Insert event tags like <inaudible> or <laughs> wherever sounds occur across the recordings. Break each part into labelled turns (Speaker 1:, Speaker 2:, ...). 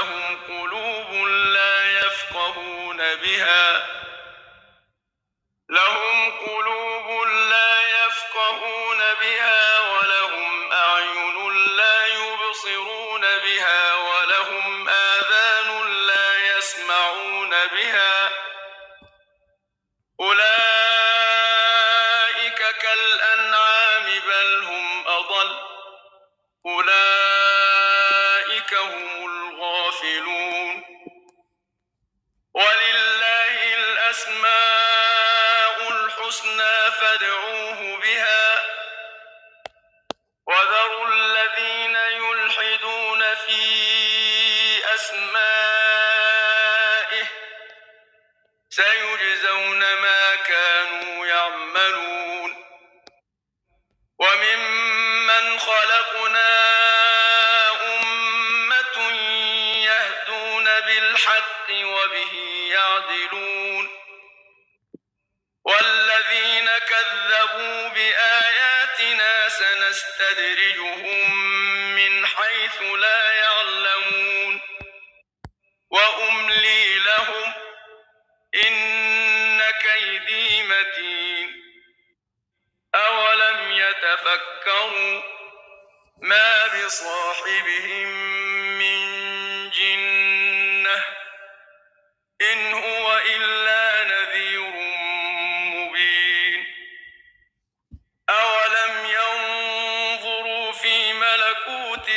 Speaker 1: لهم قلوب لا يفقهون بها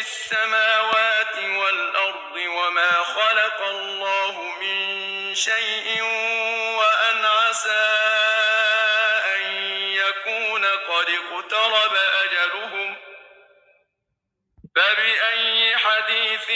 Speaker 1: السماوات والأرض وما خلق الله من شيء وأن عسى أن يكون قد اقترب أجلهم فبأي حديث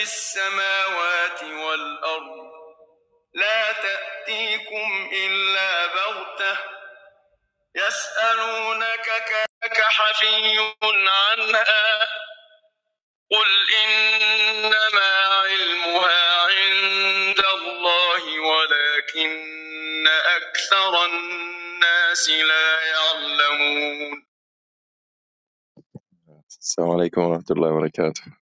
Speaker 1: في السماوات والأرض لا تأتيكم إلا بغتة يسألونك كأنك حفي عنها قل إنما علمها عند الله ولكن
Speaker 2: أكثر الناس لا يعلمون
Speaker 1: السلام عليكم ورحمة
Speaker 2: الله وبركاته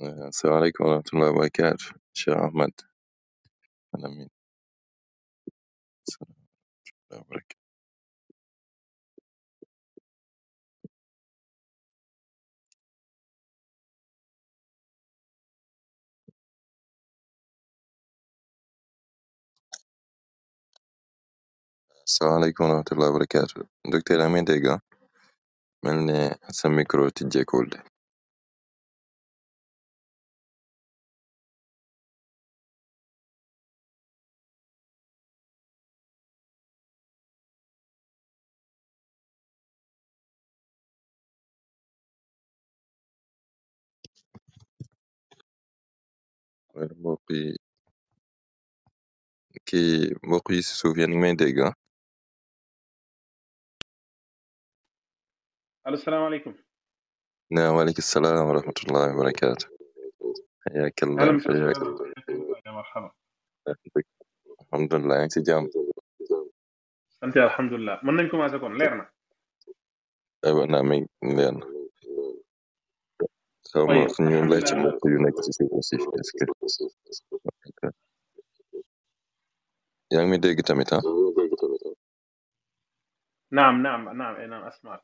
Speaker 2: السلام عليكم ورحمة الله وبركاته شيخ أحمد أنا مين السلام ورحمة الله وبركاته السلام عليكم ورحمة الله وبركاته دكتور أمين ديجا ملني حسن ميكرو تجي كولد mooy yi ki mbokk yi ci suuf yeen may dégg ah. allo salaamaaleykum
Speaker 1: naam waaleykum salaam wa rahmatullahi wa barakaatu xayaak allah xayaak alhamdulilah yaa ngi ci jàmm
Speaker 3: sant alhamdulilah mën nañ commencé kon leer na
Speaker 2: aywa naa xaw ma fu ñu lekk mbokk yu nekk ci suufu si est-ce que yaa ngi may dégg tamit ah
Speaker 3: نعم نعم نعم أنا أسمعك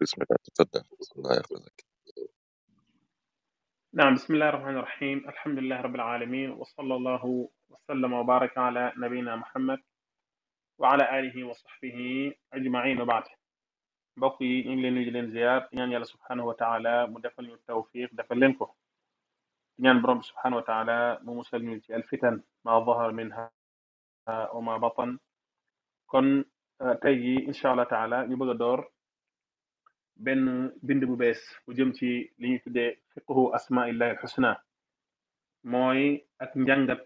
Speaker 2: بسم الله تفضل الله يحفظك
Speaker 3: نعم بسم الله الرحمن الرحيم الحمد لله رب العالمين وصلى الله وسلم وبارك على نبينا محمد وعلى آله وصحبه أجمعين وبعد mbokk yi ñu ngi leen di leen ziar di ñaan yàlla subhanahu wa taala mu defal ñu tawfiq defal leen ko di ñaan borom bi subhanahu mu musal ci alfitan ma zahar minha wa ma kon euh, tey ji incha allah taala ñu bëgg a door benn bind bu bees bu jëm ci li ñu tuddee fiqhu asmaillahi alxusna mooy ak njàngat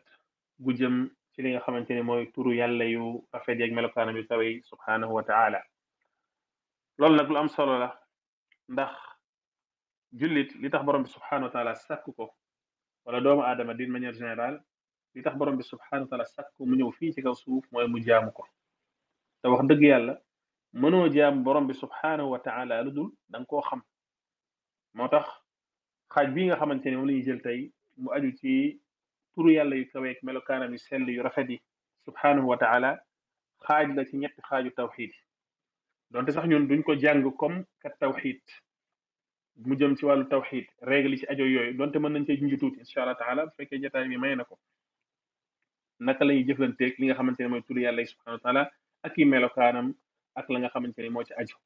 Speaker 3: gu jëm ci li nga xamante ne mooy turu yàlla yu rafet yeeg melokaanam yu kawe subhanahu wa taala loolu nag lu am solo la ndax jullit li tax borom bi subxanahu wa taala sàkk ko wala doomu aadama d'une manière générale li tax borom bi subxanahu wa taala sàkk ko mu ñëw fii ci kaw suuf mooy mu jaamu ko te wax dëgg yàlla mënoo jaam borom bi subxanahu wa taala lu dul da nga koo xam moo tax xaaj bii nga xamante ne moo la jël tey mu aju ci turu yàlla yu kaweeg melokaanam yu sell yu rafet yi subxanahu wa taala xaaj la ci ñetti xaaju tawxiid yi donte sax ñun duñ ko jàng comme kat tawxiid mu jëm ci wàllu tawxiid règle yi ci ajo yooyu donte mën nañ cee junj tuuti incha allah taala bu fekkee jotaay bi may na ko naka la ñuy jëflanteeg li nga xamante ne mooy turu yàlla yi subhanahu wa ak i melokaanam ak la nga xamante ne moo ci aju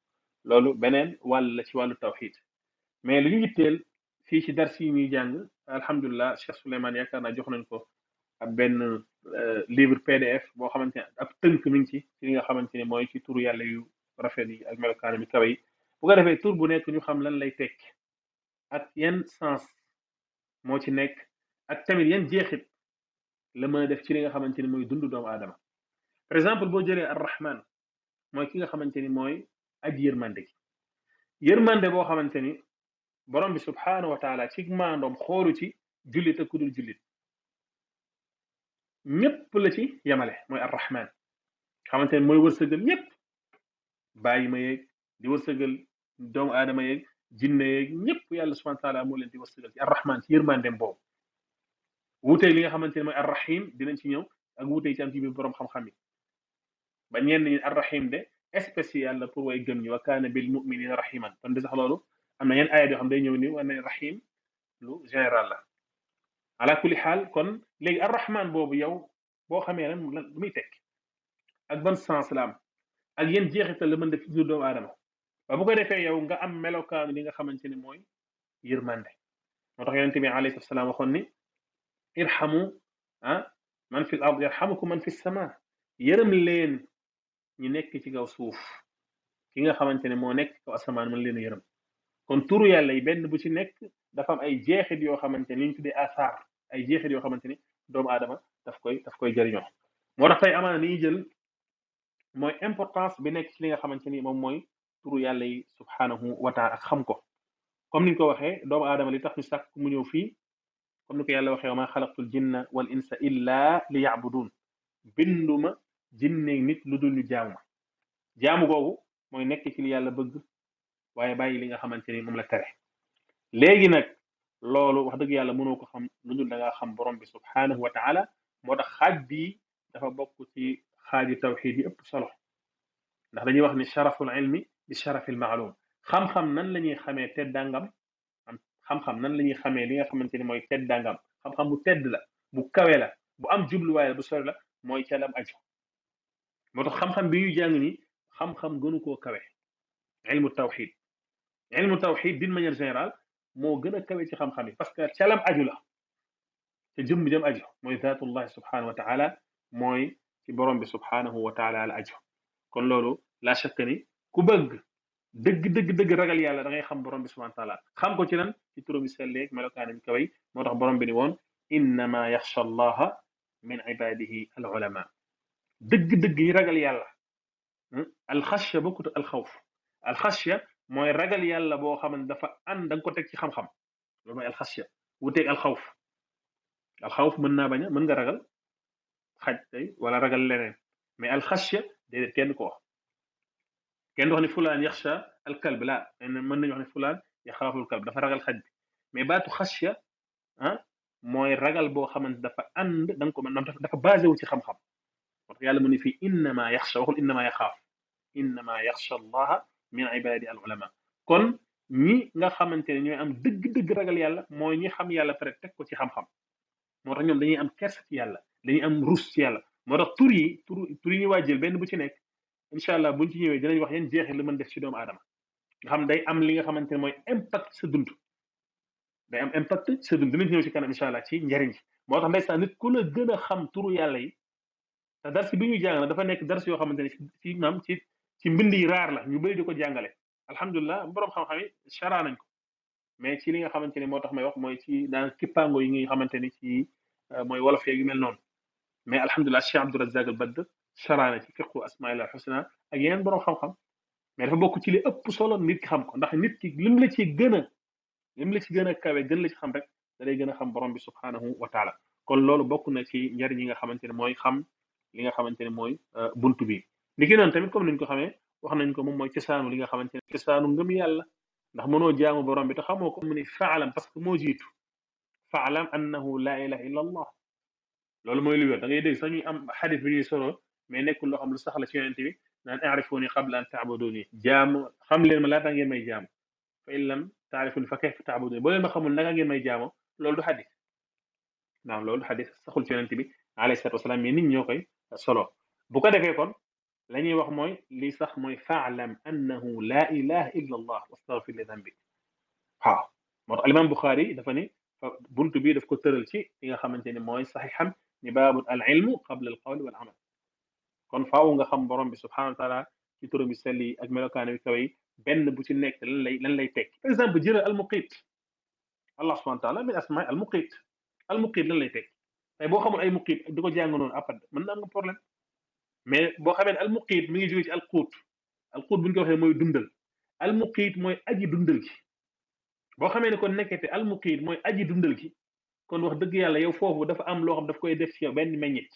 Speaker 3: loolu beneen wàll la ci wàllu tawxiid mais lu ñu yitteel fii ci dars yi ñuy jàng alhamdulilah Cheikh Souleymane yaakaar na jox nañ ko ab benn euh, livre PDF boo xamante ne ab tënk mi ngi ci li nga xamante ne mooy ci turu yàlla yu. rafet yi ak melokaanam yi kawe yi bu ko defee tur bu nekk ñu xam lan lay tekk ak yan sens moo ci nekk ak tamit yenn jeexit la mën def ci li nga xamante ni mooy dundu doomu aadama par exemple boo jëlee ar mooy ki nga xamante ni mooy aji yërmande gi yërmande boo xamante ni borom bi subhaanahu wa taala ci maandoom xoolu ci jullit ak kudul jullit ñépp la ci yemale mooy ar-rahman xamante mooy wërsëgal ñépp bàyyi ma yeeg di wërsëgal doomu aadama yeeg jinne yeeg ñëpp yàlla subhanahu wa taala moo leen di wërsëgal ci arrahman ci yërmandem boobu wuutee li nga xamante ne mooy arrahim dinañ ci ñëw ak wuutee ci am ci biir borom xam-xam yi ba ñenn ñi arrahim de spécial la pour way gëm ñi wa kaana bil muminina rahiman kon de am na yenn ayat yoo xam day ñëw ni war na rahim lu général la ala xaal kon léegi arrahman boobu yow boo xamee lan lan lu muy tekk ak ban sens la ak yéen jeexital la mën def toujours doomu aadama ba bu ko defee yow nga am melokaanu li nga xamante ni mooy yërmande moo tax yonente bi alayhi salaam waxoon ni irhamu ah man fi l ard yarhamukum man fi sama yërëm leen ñu nekk ci kaw suuf ki nga xamante ne moo nekk kaw asamaan leen a kon turu yàlla benn bu ci nekk dafa ay jeexit yoo xamante ni li ñu ay jeexit yoo xamante ni doomu aadama daf koy daf koy jëriñoo moo tax tey amaana ni jël mooy importance bi nekk ci li nga xamante ni moom mooy turu yàlla yi subhaanahu wa taala ak xam ko comme ni ko waxee doomu aadama li tax ñu sàkk mu ñëw fii comme ni ko yàlla waxee wa ma xalaqtul jinna wal insa illa li yaabudun binduma jinne nit lu dul ñu jaamu ma jaamu googu mooy nekk ci li yàlla bëgg waaye bàyyi li nga xamante ni moom la tere léegi nag loolu wax dëgg yàlla mënoo ko xam lu dul da xam borom bi subhaanahu wa taala moo ta xaaj bi dafa bokk ci xaaji tawxiid yi ëpp solo ndax dañuy wax ni sharaful ilmi bi sharafil maalum xam-xam nan la ñuy xamee teddangam xam-xam nan la ñuy xamee li nga xamante ni mooy teddangam xam-xam bu tedd la bu kawe la bu am jubluwaay la bu sori la mooy calam aju moo tax xam-xam bi ñuy jàng ni xam-xam gënu koo kawe ilmu tawxiid ilmu tawxiid d'une manière générale moo gën a kawe ci xam-xam yi parce que calam aju la te jëm bi dem aju mooy zaatullahi subhanahu wa taala mooy ci borom bi subhaanahu wa taala la kon loolu la shakk ku bëgg dëgg dëgg dëgg ragal yàlla da xam borom bi subhaanahu wa taala xam ko ci nan ci turam yi selleeg melokaanam kaway moo tax borom bi ni woon innama yaxsha allaha min ibadihi al ulama dëgg-dëgg yi ragal yàlla hmm? alxasya bokkut alxawf alxasya mooy ragal yàlla boo xam ne dafa ànd da ko teg ci xam-xam loolu mooy alxasya wuteeg alxawf alxawf mën naa bañ a mën nga ragal xaj tey wala ragal leneen mais alxasya déedéet kenn ko kenn wax ne fulaan yaxsha alkalb laa mën nañu wax ne fulaan yaxaaful kalb dafa ragal xaj bi mais baatu xasya ah, mooy ragal boo xamante dafa ànd da nga ko mën dafa basé wu ci xam-xam wax yàlla mu ne fii innama yaxsha waxul innama yaxaaf innama yaxsha allaha min ibadi al ulama kon ñi nga xamante ne ñooy am dëgg-dëgg ragal yàlla mooy ñi xam yàlla pare teg ko ci xam-xam moo tax ñoom dañuy am kersa ci yàlla dañuy am rus ci yàlla moo tax tur yi tur tur yi waa waajal benn bu ci nekk incha allah buñ ci ñëwee danañ wax yan jeexi la mën def ci doomu aadama nga xam day am li nga xamante ne mooy impact sa dund day am impact sa dund dinañ ñëw ci kanam incha allah ci njariñ ci moo tax ndeysaan nit ku la gën a xam turu yàlla yi te dars bi ñu dafa nekk dars yoo xamante ne ci maam ci ci mbind yi raar la ñu bëri di ko jàngale alhamdulilah borom xam-xam yi chara nañ ko mais ci li nga xamante ne moo tax may wax mooy ci dans kippaango yi nga xamante ni ci euh, mooy wolof yee yu mel noonu mais alhamdulilah Cheikh Abdou Razak al Badd saraana ci fiqu asmaillah xusna ak yeneen borom xam-xam mais dafa bokk ci li ëpp solo nit ki xam ko ndax nit ki lim la ci gën a lim la ci gën a kawe gën la ci xam rek da lay gën a xam borom bi subhanahu wa taala kon loolu bokk na ci njariñ yi nga xamante ne mooy xam li nga xamante ne mooy euh, buntu bi li ki noonu tamit comme niñ ko xamee wax nañ ko moom mooy cosaanu li nga xamante ne cosaanu ngëm yàlla ndax mënoo jaamu borom bi te xamoo ko mu ni faalam parce que moo jiitu faalam annahu la ilaha illa loolu mooy lu wér da ngay dégg sax ñuy am xadis bi ñuy solo mais nekkul loo xam lu sax la ci yonente bi naan aarifuni qabla an taabuduni jaam xam leen ma laata ngeen may jaam fa in lam taarifuni fa kayfa taabuduni boo leen ma xamul naka ngeen may jaamo loolu du xadis naam loolu du xadis saxul ci yonente bi alayhi salatu wasalaam mais nit ñoo koy solo bu ko defee kon la ñuy wax mooy li sax mooy faalam annahu la ilaha illa allah wastaghfir li dambi waaw moo tax alimam Buxaari dafa ne buntu bii daf ko tëral ci li nga xamante ne mooy saxiixam ni baabu al ilmu qabla al qawl wal amal kon faaw nga xam borom bi subhanahu wa taala ci turam yu sell yi ak melokaan yu kawe benn bu ci nekk lan lay lan lay tekki par exemple jëlal al muqiit allah subhanahu wa taala min asmaa al muqiit al lan lay tekki tey boo xamul ay muqiit di ko jàng noonu après mën na am nga mais boo xamee al muqiit mi ngi jóge ci al quut al quut bu ñu ko waxee mooy dundal al muqiit mooy aji dundal gi boo xamee ne kon nekkete al muqiit mooy aji dundal gi kon wax dëgg yàlla yow foofu dafa am loo xam daf koy def ci yow benn meññit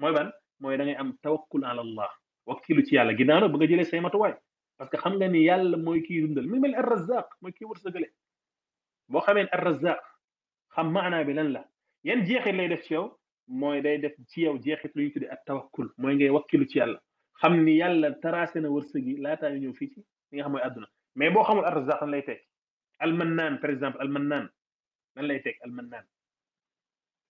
Speaker 3: mooy ban mooy da ngay am tawakkul ala allah wakkilu ci yàlla ginnaaw nag ba nga jëlee say matuwaay parce que xam nga ni yàlla mooy kii dundal mi mel arrazaq mooy kii wërsëgale boo xamee arrazaq xam maanaa bi lan la yan jeexit lay def ci yow mooy day def ci yow jeexit lu ñu tuddee ak tawakkul mooy ngay wakkilu ci yàlla xam ni yàlla tracé na wërsëg yi laataa ñu ñëw fii ci li nga xam mooy àdduna mais boo xamul arrazaq lan lay teg almannaan par exemple almannaan lan lay teg almannaan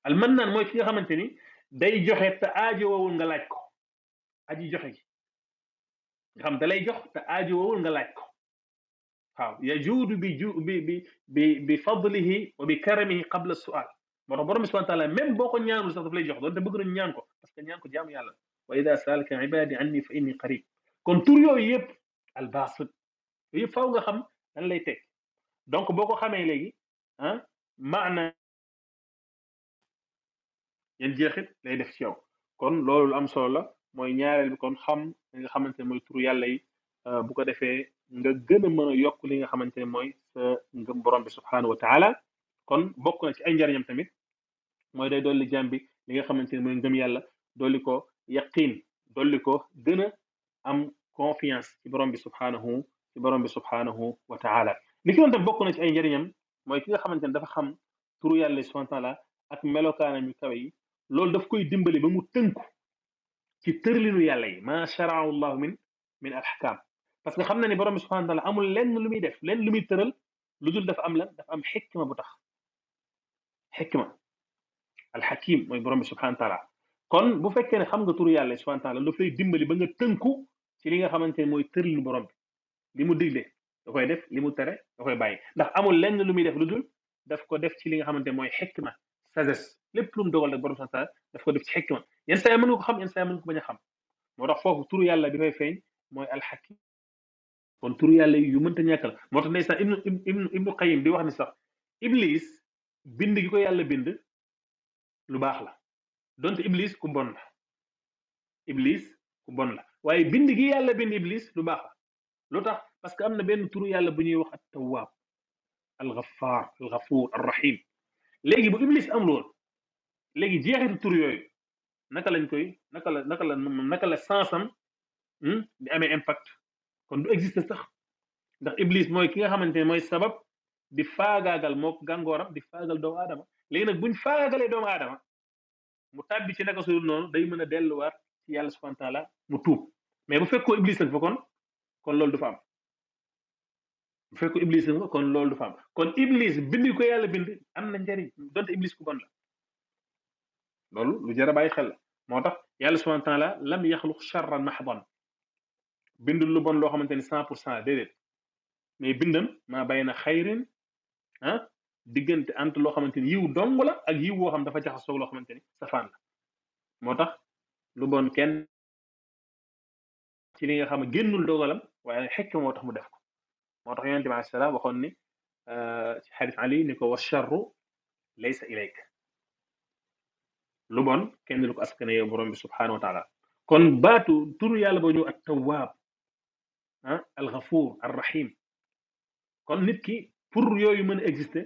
Speaker 3: al mannaan mooy ki nga xamante ni day joxe te aajowawul nga laaj ko aji joxe gi nga xam da lay jox te aajowawul nga laaj ko waaw yajuudu bi ju bi bi bi bi fadlihi wa bi karamihi qabla sual moo tax borom bi subhana taala même boo ko ñaanul sax daf lay jox doon te bëgg nañ ñaan ko parce que ñaan ko jaamu yàlla wa ida saalaka ibadi anni fa inni qarib kon tur yooyu yëpp albasit yooyu yëpp faaw nga xam lan lay teg donc boo ko xamee léegi ah maana yan jeexit lay def ci yow kon loolu am solo la mooy ñaareel bi kon xam li nga xamante ne mooy turu yàlla yi euh, bu ko defee nga gën mën a yokk li nga xamante ne mooy ngëm borom bi subhaanahu wa kon bokk na ci ay njariñam tamit mooy day dolli jàmm bi li nga xamante ne mooy ngëm yàlla dolli ko yaqin dolli ko gën am confiance ci borom bi subhaanahu ci borom bi subhaanahu wa taala li ki doon bokk na ci ay njariñam mooy ki nga xamante dafa xam turu yàlla subhaanahu ak melokaanam yu kawe loolu daf koy dimbali ba mu tënku ci tërlinu yàlla yi ma sharaahu llahu min min alxakaam que xam na ni borom bi subhanahu wa amul lenn lu muy def lenn lu muy tëral lu dul dafa am la dafa am xikma bu tax xikma alxakim mooy borom bi subhanahu kon bu fekkee ne xam nga turu yàlla subhanahu wa taala daf lay dimbali ba nga tënku ci li nga xamante ne mooy tërlinu borom bi li mu digle da koy def li mu tere da koy bàyyi ndax amul lenn lu muy def lu dul daf ko def ci li nga xamante mooy xikma sagesse lépp lu mu dogal rek borom sax daf ko def ci xikma yenn saa yi ko xam yenn saa yi ko bañ xam moo tax foofu turu yàlla bi fay feeñ mooy alxakim kon turu yàlla yu mënta ñàkk la moo tax ndeysaan ibnu di wax ni sax iblis bind gi ko yàlla bind lu baax la donte iblis ku bon la iblis ku bon la waaye bind gi yàlla bind iblis lu baax la lu tax parce que am na benn turu yàlla bu ñuy wax at tawaab al ghaffar al ghafuur ar rahim léegi bu iblis amul woon léegi jeexitu tur yooyu naka lañ koy naka la naka la naka la sansam hmm, di amee impact kon du existe sax ndax iblis mooy ki nga xamante ne mooy sabab di faagaagal moo gàngooram di faagal doomu aadama léegi nag buñ faagaagalee doomu aadama mu tàbbi ci naka sudul noonu day mën a delluwaat ci yàlla subhanahu wa mu tuub mais bu fekkoo iblis nag fa kon kon loolu du fa am bu fekk iblis nga kon loolu du fa kon iblis bind ko yàlla bind am na njariñ donte iblis ku bon la loolu lu jar bàyyi xel moo tax yàlla subhanahu wa taala lam yaxluq charran mahdan bind lu bon loo xamante ni cent pour cent déedéet mais bindam maa bay na xayrin ah diggante entre loo xamante ni yiw dong la ak yiw woo xam dafa jaxasoo loo xamante ni safaan la moo tax lu bon kenn ci li nga xam ne génnul dogalam waaye xekk moo tax mu def ko moo tax yonente bi alayhi salaam waxoon ni euh, ci xadis ali ni ko wa charru laysa ilayk lu bon kenn lu ko askane yow borom bi subhanahu kon baatu turu yàlla boo ñëw ak tawaab ah alxafuur arrahim kon nit ki pour yooyu mën a exister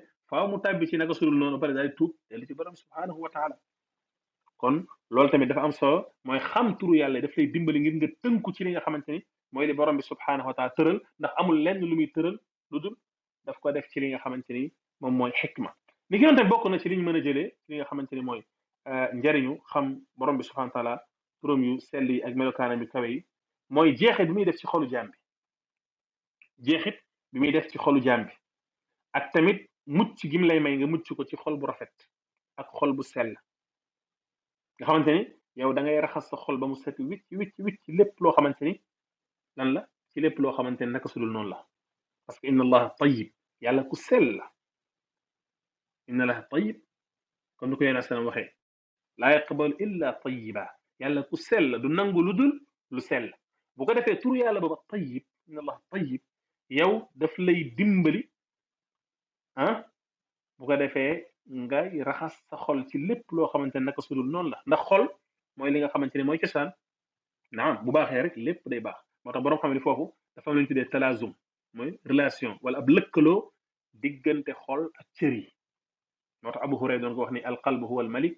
Speaker 3: mu tàbbi ci naka sudul noonu pare daal di tuub dellu ci borom subhanahu wa kon loolu tamit dafa am solo mooy xam turu yàlla def lay dimbali ngir nga tënku ci li nga xamante ni mooy li borom bi subhaanahu wa taala tëral ndax amul lenn lu muy tëral lu dul daf ko def ci li nga xamante ni moom mooy xikma ni ki doon bokk na ci li mën a jëlee li nga xamante ni mooy euh, njariñu xam borom bi subhaanahu wa taala yu sell yi ak melokaanam yu kawe yi mooy jeexit bi muy def ci xolu jaam bi jeexit bi muy def ci xolu jaam bi ak tamit mucc gi lay may nga mucc ko ci xol bu rafet ak xol bu sell nga xamante ni yow da ngay raxas sa xol ba mu set wicc wicc wicc lépp loo xamante ni lan la ci lépp loo xamante ne naka su dul noonu la parce que inna allaha tayyib yàlla ku sell la inna allaha tayyib comme ni ko yéen a waxee laa yaqbalu illa tayyiba yàlla ku sell du nangu lu dul lu sell bu ko defee tur yàlla booba tayyib inna allaha tayyib yow daf lay dimbali ah bu ko defee ngay raxas sa xol ci lépp loo xamante ne naka su dul noonu la ndax xol mooy li nga xamante ne mooy cosaan naam bu baaxee rek lépp day baax. moo tax borom xam ne foofu dafa am lu ñu tuddee talaazum mooy relation wala ab lëkkaloo diggante xol ak cër yi moo tax Abu Hurayra doon ko wax ni al qalbu huwa al malik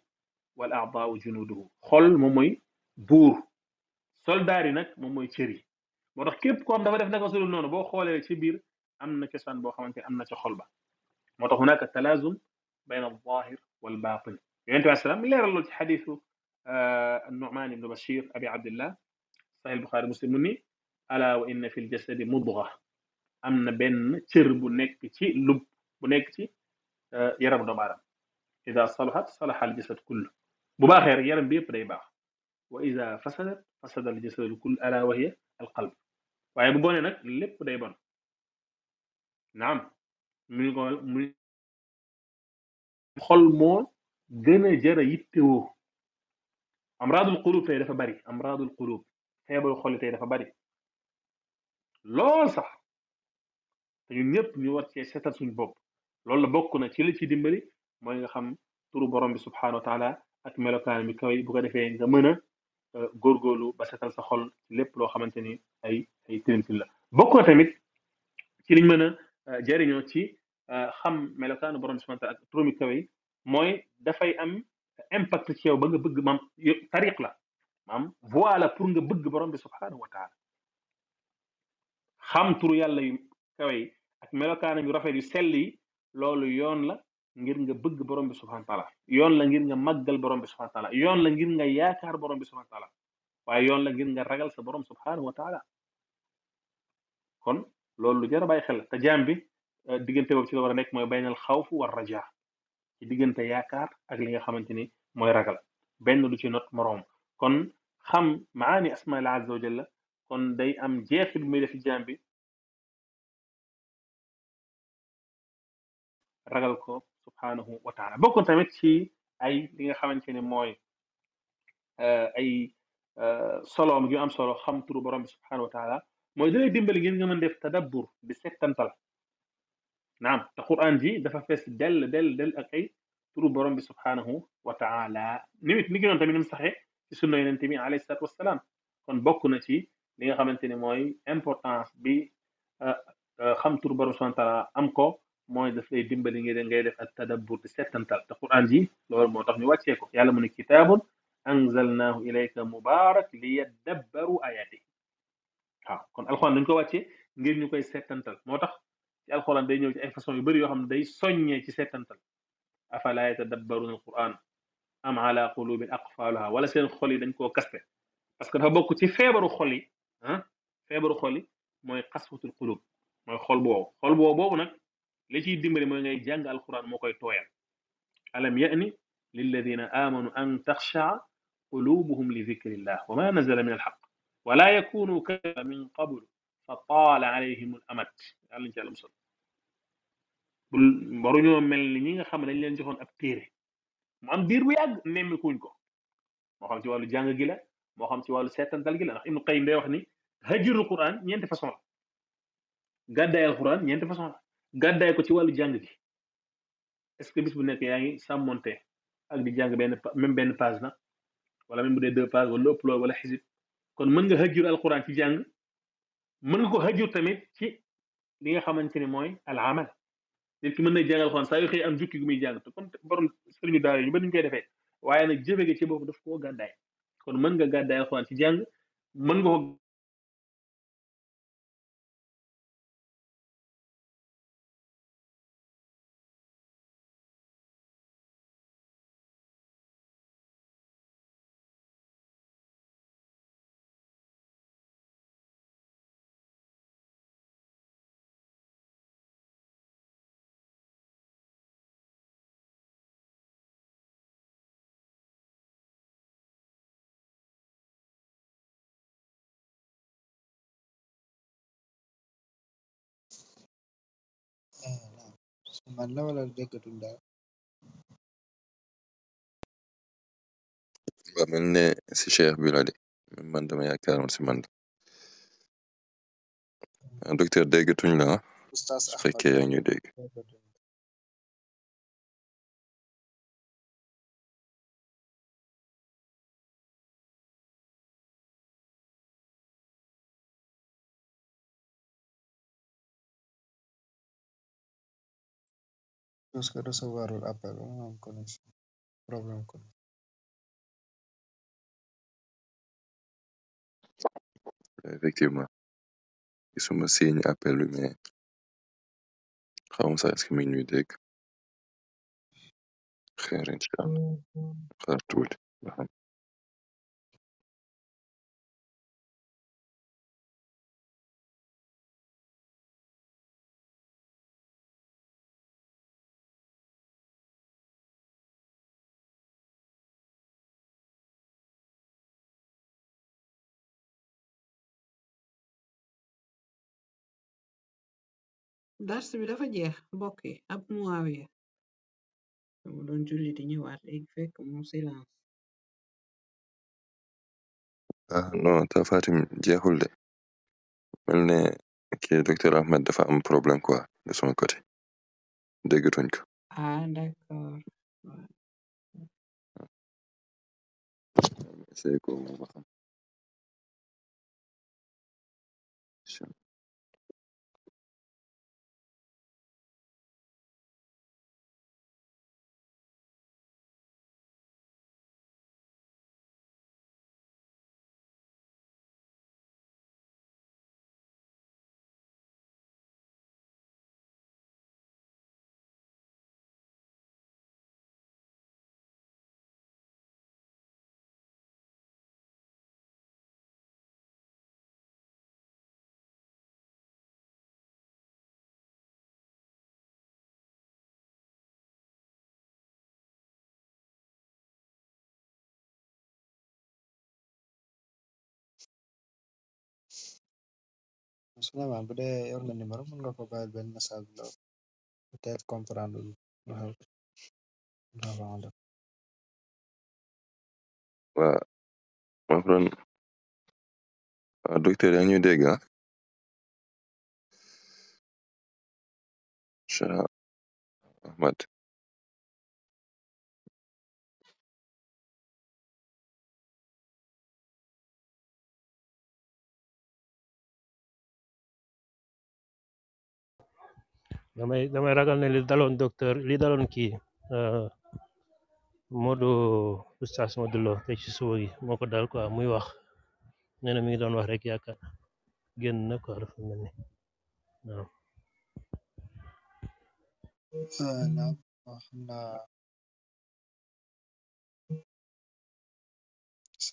Speaker 3: wal a'daa'u junuuduhu xol moom mooy buur soldaar yi nag moom mooy cër yi moo tax képp ko am dafa def naka sudul noonu boo xoolee ci biir am na cosaan boo xamante am na ca xol ba moo tax hunaka talaazum bayna al zaahir wal baatin yonente bi alayhi salaam leeral loolu ci xadiisu euh, Nu'maan ibnu Bashir abi Abdillah sahih Buxaari Muslim mu ni alaa wa inna fil jasadi mudga am na benn cër bu nekk ci lub bu nekk ci euh, yaram doomu aadama ida salahat salaha al jasad kullu bu baaxee rek yaram bi yëpp day baax wa ida fasadat fasada al jasad kullu alaa wa hiya al qalb waaye bu bonee nag lépp day bon naam mu ko mu
Speaker 2: xol moo gën a
Speaker 3: jara yittewoo amraadul qulub tey dafa bari amraadul qulub feebaru xol tey dafa bari lool sax te ñun ñëpp ñu war cee seetal suñu bopp loolu la bokk na ci li ci dimbali mooy nga xam turu borom bi subxanahu wa taala ak melokaan bi kaw bu ko defee nga mën a euh, góorgóorlu ba seetal sa lépp loo xamante ni ay ay tilimtil la bokk tamit ci liñ mën euh, jëriñoo ci euh, xam melokaanu borom bi subxanahu ak turu mooy dafay am impact ci yow ba nga bëgg maam tariq la maam voie la bëgg borom bi subxanahu xam turu yàlla yu kawe yi ak melokaanam yu rafet yu sell yi loolu yoon la ngir nga bëgg borom bi subhanahu wa taala yoon la ngir nga màggal borom bi subhanahu wa yoon la ngir nga yaakaar borom bi subhanahu wa taala waaye yoon la ngir nga ragal sa borom subhanahu wa taala kon loolu lu jar a bàyyi xel te jaam bi eh, diggante boobu ci la a nekk mooy baynal xawf war raja ci diggante yaakaar ak li nga xamante ni mooy ragal benn du ci not moroom kon xam maani asmail azza wa
Speaker 2: kon day am jeexit bu muy def ci bi ragal ko subhanahu wa taala bokk tamit ci ay li
Speaker 3: nga xamante ne mooy eh, ay eh, soloom yu am solo xam turu borom bi subhanahu wa taala mooy dalay dimbali ngeen nga mën def tadabbur di settantal naam te quran ji dafa fees dell dell ak ay turu borom bi subhanahu wa taala nimit ni ngi noon tamit ni mu saxe ci sunna yonent bi alayhi salaatu wassalaam kon bokk na ci li nga xamante ne mooy importance bi eh, xam turu borom subhanahu wa taala am ko mooy daf lay dimbali ngay ngay def ak tadabbur di settantal te quran ji loolu moo tax ñu wàccee ko yàlla mu ne kitaabun anzalnaahu ilayka mubarak liyaddabbaru ayati waaw kon alxuraan dañu ko wàccee ngir ñu koy settantal moo tax ci alxuraan day ñëw ci ay façon yu bëri yoo xam ne day soññee ci settantal afala yatadabbaruna alquran am ala qulubin aqfaluha wala seen xol yi dañ koo kaste parce que dafa bokk ci feebaru xol yi ah feebaru xol yi mooy xaswatul qulub li ciy dimbali mooy ngay jàng alquran moo koy tooyal alam yani lilladina amanu an taxshaa qulubuhum li zikrillah wa ma nazala min alxaq wala yakunu ka min qabl fa taala alayhim al amat yàlla ci yàlla musal bul waruñoo mel ni ñi nga xam ne dañ leen joxoon ab téere mu am diir bu yàgg nemmikuñ ko moo xam ci wàllu jàng gi la moo xam ci wàllu seetantal gi la ndax ibnu Qayyim day wax ni hajirul quran ñeenti façon la gàddaay alquran ñeenti façon la gàddaay ko ci wàllu jàng gi est-ce que bis bu nekk yaa ngi sàmmonte ak di jàng benn même benn page la wala même bu dee deux pages wala ëpp loolu wala xisib kon mën nga hajjur alquran ci jàng mën nga ko hajjur tamit ci li nga xamante ne mooy al amal nit ki na jàng alquran saa yu xëy am muy jàng te kon ba ñu koy defee
Speaker 2: waaye nag jëfe gi ci bopp daf koo gàddaay kon mën mën Man nawala dekkatul daal ba melne ci cheikh bi ladi mëndama yaakaaroon ci mand dokteer déggatuñ la su fekkee Jos ka recevarul appel bi mu am problem Effectivement, gisuma siiñ appel bi mais xawma sax eski mi ñuy dégg, xeer incha Allah xaar dars bi dafa jeex bokki ab muawiya damu doon julli mu silence ah non tafaatim jeexul de mel ne ki docteur ahmed dafa am problème quoi de son côté déggatuñ ko ah d'accord waaw. Ah. Ah, suleyman bu dee yor nga nimero mun nga ko bayil benn message bu ndaw bu teet komprendre docteur yaa ñu dégga Ahmad damay damay ragal ne li daloon docteur li daloon kii euh, Modou
Speaker 3: oustaz Modou Lo te ci suba gi moo dal quoi muy wax nee na mi ngi doon wax rek yaakaar
Speaker 2: génn na quoi dafa mel ni waaw.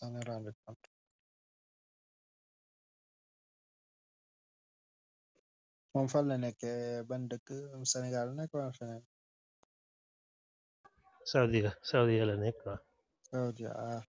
Speaker 2: Euh, naam Moom fa la nekk ban dëkk senegal la nekk wala feneen saudia saudia la nekk wa saudia ah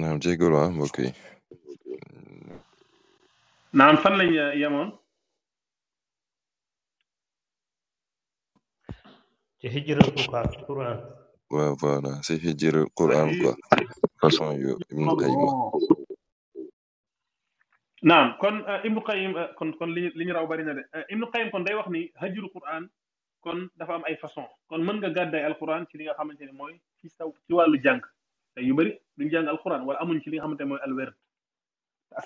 Speaker 2: naam jégalu ah mbokk yi naam fan lañ yemoon
Speaker 3: ci hijra Quran
Speaker 1: waaw voilà si hijra Quran façon yu
Speaker 3: naam kon e, Ibn Qayyim e, kon kon li li ñu raw bari na de e, Ibn Qayyim kon day wax ni hijru Quran kon dafa am ay façon kon mën nga gàdday al Quran ci li nga xamante ne mooy ci saw ci wàllu jàng tey yu bëri duñ jàng alxuraan wala amuñ ci li nga xamante mooy alwerd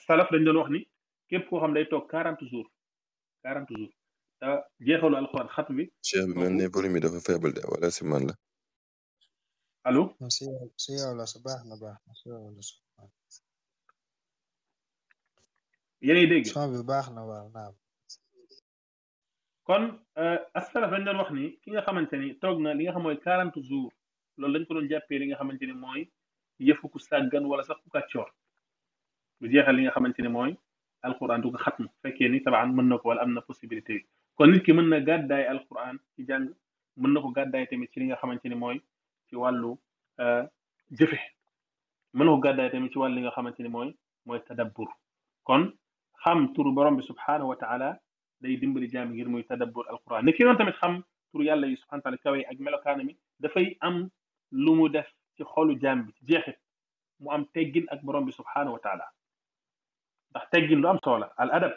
Speaker 3: salaf dañ doon wax ni képp koo xam day toog quarante jours quarante jours te jeexalu alxuraan xat bi.
Speaker 1: cheikh bi mel ne volume bi dafa faible si man la. si si yow su baax na baax na si yow la su. yéen a dégg.
Speaker 3: son bi baax na waaw naam. kon euh, asalaf dañ doon wax ni ki nga xamante ni toog na li nga xam mooy quarante jours loolu lañ ko doon jàppee li nga xamante ni mooy. yëfu ku wala sax ku kàccoor bu jeexal li nga xamante ne mooy alquran du ko xatmu fekkee ni tabaan mën na ko wala am na possibilité kon nit ki mën na gàddaay alquran ci jàng mën na ko gàddaay tamit ci li nga xamante ni mooy ci wàllu euh, jëfe mën na ko gàddaay tamit ci wàllu li nga xamante ni mooy mooy tadabbur kon xam turu borom bi subhanahu wa taala day dimbali jaam ngir muy tadabbur alquran ni ki noonu tamit xam turu yàlla yi subhanahu wa taala kawe ak melokaana mi dafay am ci xolu jaam bi ci jeexit mu am teggin ak borom bi subhaanahu wa taala ndax teggin lu am al adab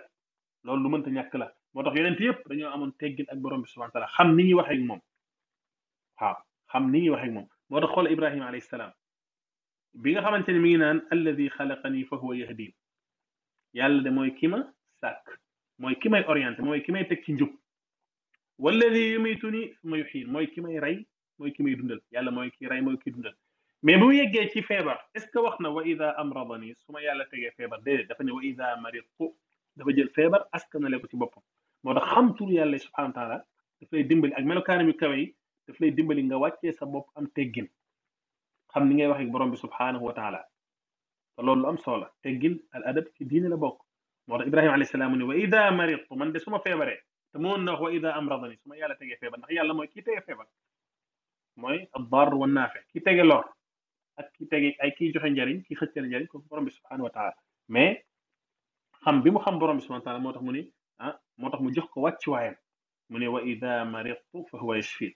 Speaker 3: loolu lu mënta ñàkk la moo tax yonent yëpp dañoo amoon teggin ak borom bi subhaanahu wa taala xam ni ñuy waxee moom waaw xam ni ñuy waxee moom moo tax xool Ibrahima alayhi salaam bi nga xamante ne mi ngi naan alladi xalaqani fa huwa yahdin yàlla de mooy ki ma sàkk mooy ki may orienté mooy ki may teg ci njub walladi yumituni suma yuxiin mooy ki may rey mooy ki yàlla mooy ki rey mooy dundal mais bu yeggee ci feebar est ce que wax na wa ida amradani su ma yàlla tegee feebar déedéet dafa ne wa ida maritu dafa jël feebar askanale ko ci boppam moo tax xam tur yàlla subhanahu wa taala daf lay dimbali ak melokaanam yu kawe yi daf lay dimbali nga wàccee sa bopp am teggin xam ni ngay waxee borom bi subhanahu wa taala te loolu lu am solo la teggin al adab ci diine la bokk moo tax Ibrahima alayhi salaam ne wa ida maritu man de su ma feebaree te mu woon na wax wa ida amradani su ma yàlla tegee feebar ndax yàlla mooy kii tege feebar mooy ad dar wa naafe kii tege lor. ak ki tege ay kiy joxe njariñ ki xëccal njariñ ko borom bi subhanahu wa xam bi mu xam borom bi subhanahu moo tax mu ne ah moo tax mu jox ko wàccuwaayam mu ne wa ida maritu fa fi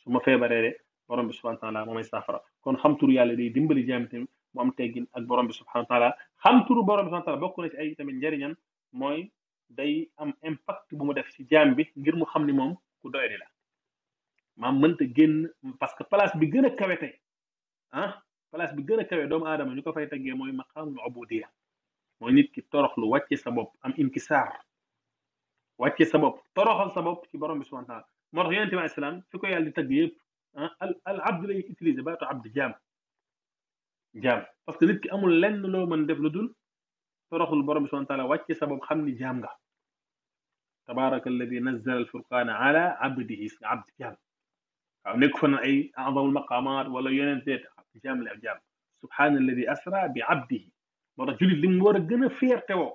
Speaker 3: su ma feebaree de borom bi subhanahu wa taala moomay saafara kon xam turu yàlla day dimbali jaam tamit mu am teggin ak bi subhanahu wa taala xam turu borom bi subhanahu wa taala bokk na ci ay tamit njariñan mooy day am impact bu mu def ci jaam bi ngir mu xam ni moom ku doy la maam mënta génn parce que bi gën a place bi gën a kawe doomu aadama ñu ko fay teggee mooy maqaamul ubudiya mooy nit ki toroxlu wàcce sa bopp am inkisaar wàcce sa bopp toroxal sa bopp ci borom bi subhanahu taala moo tax yonente bi alei salaam fi ko yàlla di tagg yëpp ah, al al abd lay utilisé baatu abd jaam jaam parce que nit ki amul lenn loo mën def lu dul toroxlu borom bi subhanahu taala wàcce sa bopp xam ni jaam nga tabaraka alladi nazzala alfurqaana ala abdihi abd jaam waaw nekk fa na ay adamul maqaamaat wala yonenteet di ci am li ak jàmm subhaanalladi asra bi abdihi moo tax jullit li mu war a gën a féerte woo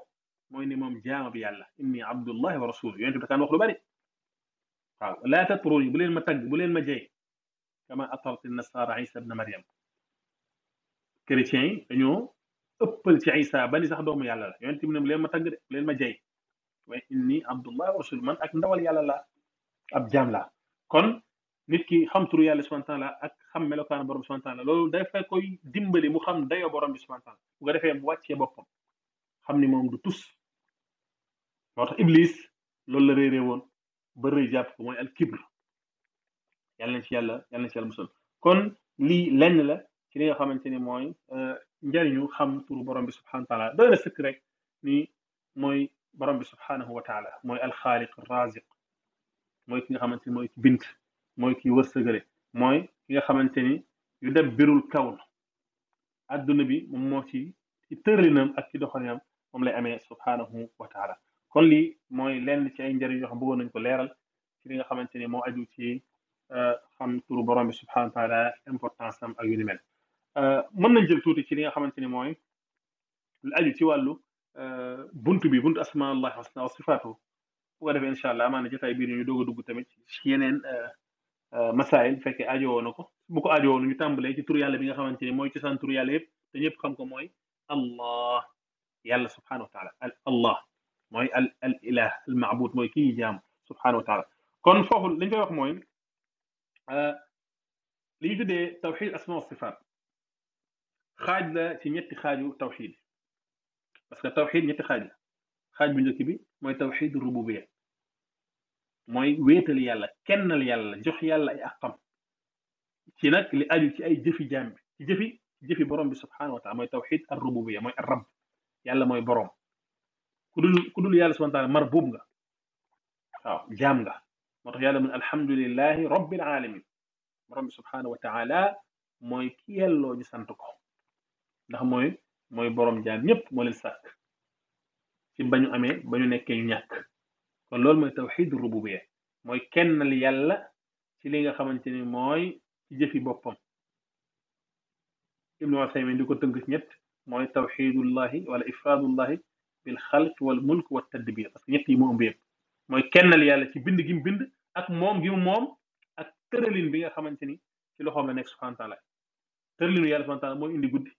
Speaker 3: mooy ni moom jaama bi yàlla inni abdullahi wa rasuluhu yonente bi kaan wax lu bari waaw laa tatruni bu leen ma tagg bu leen ma jey kama atarti nasara isa ibna mariam chrétiens yi dañoo ëppal ci isa ba ni sax doomu yàlla la yonente leen ma tagg bu leen ma jey waaye inni abdullahi wa rasuluhu man ak ndawal yàlla la ab la nit ki xam turu yàlla subhana taala ak xam melokaanu borom subhana taala loolu dafay koy dimbali mu xam dayo borom bi subhana taala bu ko defee mu wàccee boppam xam ni moom du tus iblis loolu la réeree woon ba rëy jàpp ko mooy al kibr yàlla na ci yàlla yàlla na ci yàlla musal kon lii lenn la ci li nga xamante ni mooy euh, njariñu xam turu borom bi subhana taala doy na sëkk rek mooy borom bi subhanahu wa taala mooy alxaaliq mooy ki nga xamante ni mooy bind mooy ki wërsëgale mooy ki nga xamante ni yu dem birul kaw adduna bi moom moo ci ci tërlinam ak ki doxalinam moom lay amee subhanahu wa taala kon lii mooy lenn ci ay njëriñ yoo xam bëggoon nañ ko leeral ci li nga xamante ni moo aju ci euh, xam turu borom bi subhanahu wa taala importance am ak yu ni mel euh, mën nañ jël tuuti ci li nga xamante ni mooy lu aju ci wàllu euh, buntu bi buntu asmaullahi husna wa sifaatu bu ko defee incha allah amaana jotaay biir ñu doog a dugg tamit ci yeneen Euh, masaayil bu fekkee ajowoo na ko bu ko ajowoo ñu tàmbalee ci tur yàlla bi nga xamante ni mooy cosaan tur yàlla yëpp te ñëpp xam ko mooy allah yàlla subhanahu wa taala al allah mooy al al ilah al maabud mooy kii jaam subhanahu wa taala kon foofu li ñu koy wax mooy euh, li ñu tuddee tawxid asma wa sifaat xaaj la ci ñetti xaaju tawxid parce que tawxid ñetti xaaj la xaaj bu njëkk bi mooy tawxid rububiya mooy wéetal yàlla kennal yàlla jox yàlla ay àqam ci nag li aju ci ay jëfi jaam bi ci jëfi borom bi subhanahu wa taala mooy tawxid ar mooy ar yàlla mooy borom ku dul ku dul yàlla subhanahu wa taala marbuub nga waaw jaam nga moo tax yàlla mun alhamdulillahi rabbil alamin borom bi subhanahu mooy ki yelloo ñu sant ko ndax mooy mooy borom jaam ñëpp moo leen sàkk ci ba amee bañu ñu nekkee ñu ñàkk kon loolu mooy tawxiidu rububiya mooy kennal yàlla ci li nga xamante ni mooy ci jëfi boppam ibnu Usaymin di ko tënk ci ñett mooy tawxiidullahi wala ifraadullahi bil xalq wal mulk wa tadbir parce que ñett yi mu ëmb yëpp mooy kennal yàlla ci bind gim mu bind ak moom gi moom ak tëralin bi nga xamante ni ci loxoom la nekk subhanahu taala tëralinu yàlla subhanahu taala mooy indi guddi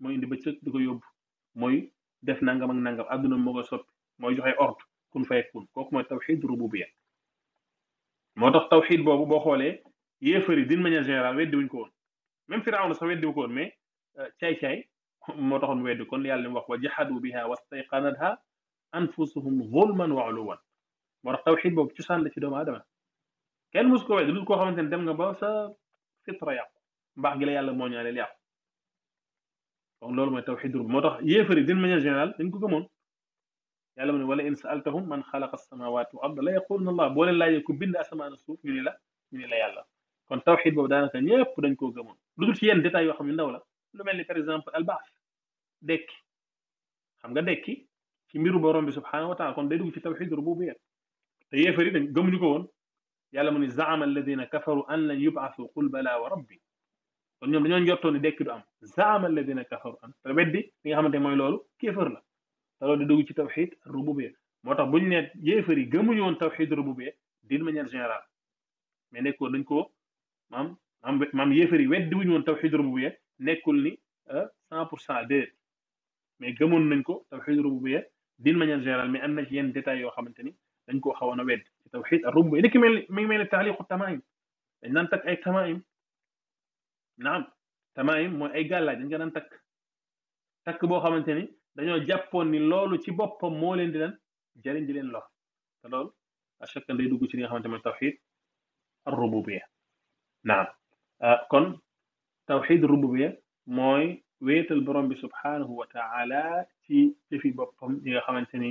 Speaker 3: mooy indi bëccëg di ko yóbbu mooy def nangam ak nangam àdduna moo koy mooy joxe ordre kun fayakun kooku mooy tawxid rububiyya moo tax tawxid boobu boo xoolee yéefar yi d'une manière générale weddi wuñ ko woon même Firawna sax weddi wu ko woon mais euh, caay-caay <laughs> moo taxoon mu weddi kon yàlla li mu wax wa jahadu biha wastayqanatha anfusuhum zulman wa uluwan moo tax tawxid boobu cosaan la ci adama kenn musu ko weddi lu koo xamante ne dem nga ba sa fitra yàqu mbaax gi la yàlla moo ñaaleel yàqu donc loolu mooy tawxid rububiyya moo tax yéefar yi d'une manière générale dañ ko gëmoon yàlla mu ne wala in saaltahum man xalaqa samawati wal arda la yaquluna allah boo leen laajee ku bind asamaan suuf ñu ni la ñu ni la yàlla kon tawxid boobu daanaka ñëpp dañ koo gëmoon lu dul ci yen détails yoo xam ne ndaw la lu mel ni par exemple albaax dekki xam nga dekki ci mbiru borom bi subhanahu wa taala kon day dugg ci tawxid rububiyya te yéefar yi dañ gëmuñu ko woon yàlla mu ni zaama alladina kafaru an lan yubaasu qul bala wa rabbi kon ñoom dañoo njortoon ni dekki du am zaama alladina kafaru an te weddi li nga xamante mooy loolu kéefar la te loolu di dugg ci tawxid rububiyya moo tax bu ñu nee yéefar yi gëmuñu woon tawxid rububiyya d'une manière générale mais nekkul dañ ko maam maam maam yéefar yi weddi wuñu woon tawxid rububiyya nekkul ni euh, cent pour cent déedéet mais gëmoon nañ ko tawxid rububiyya d'une manière générale mais am na ci yen détails yoo xamante ni dañ koo xawoon a wedd ci tawxid rububiyya nekk mel mi ngi mel ne taaliqu tamaim dañ naan takk ay tamaim naam tamaim mooy ay gàllaaj dañ ko naan takk boo xamante ni dañoo jàppoon ni loolu ci boppam moo leen di leen jëriñ leen lor te loolu achakkan day dugg ci li nga xamante mooy tawxid ar-rububiyya naam ah, kon tawxid rububiyya mooy wéetal borom bi subhanahu wa taala ci jëfi boppam yi nga xamante ni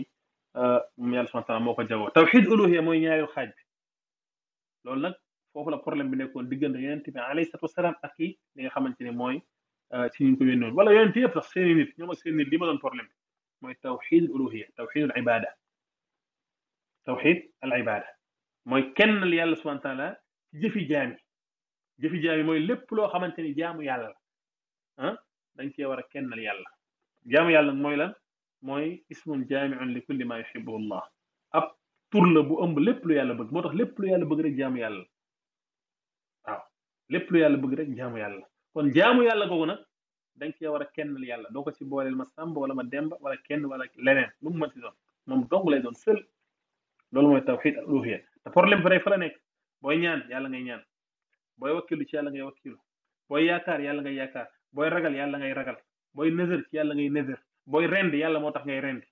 Speaker 3: ah, moom yàlla subhanahu moo ko jagoo tawxid mooy ñaari xaaj bi nag foofu la problème bi nekkoon diggante yonent bi alayhi salaatu wasalaam ak yi nga xamante ni mooy ci ñu ko yónnee woon wala nit ñoom ak seen nit li ma doon problème mooy tawxid uluhiya tawxid al ibada tawxid al ibada mooy kenn la yàlla subhanahu wa taala ci jëfi jaam yi mooy lépp loo xamante ni jaamu yàlla dañ cee war a kennal yàlla jaamu yàlla mooy lan mooy ismun jaamiun li kulli ma yuhibbuhu allah ab tur la bu ëmb lépp lu yàlla bëgg lépp lu bëgg rek jamu yàlla waaw lépp lu yàlla bëgg rek jaamu yàlla kon jaamu yàlla googu na da nga cee war a kennal yàlla doo ko ci booleel ma sàmb wala ma demba wala kenn wala leneen lu mu mën ci doon moom dong lay doon seul loolu mooy tawxiid al uluhiyya te problème bi rek fa la nekk booy ñaan yàlla ngay ñaan booy wakkilu ci yàlla ngay wakkilu booy yaakaar yàlla ngay yaakaar booy ragal yàlla ngay ragal booy nëzër ci yàlla ngay nëzër booy rend yàlla moo tax ngay rend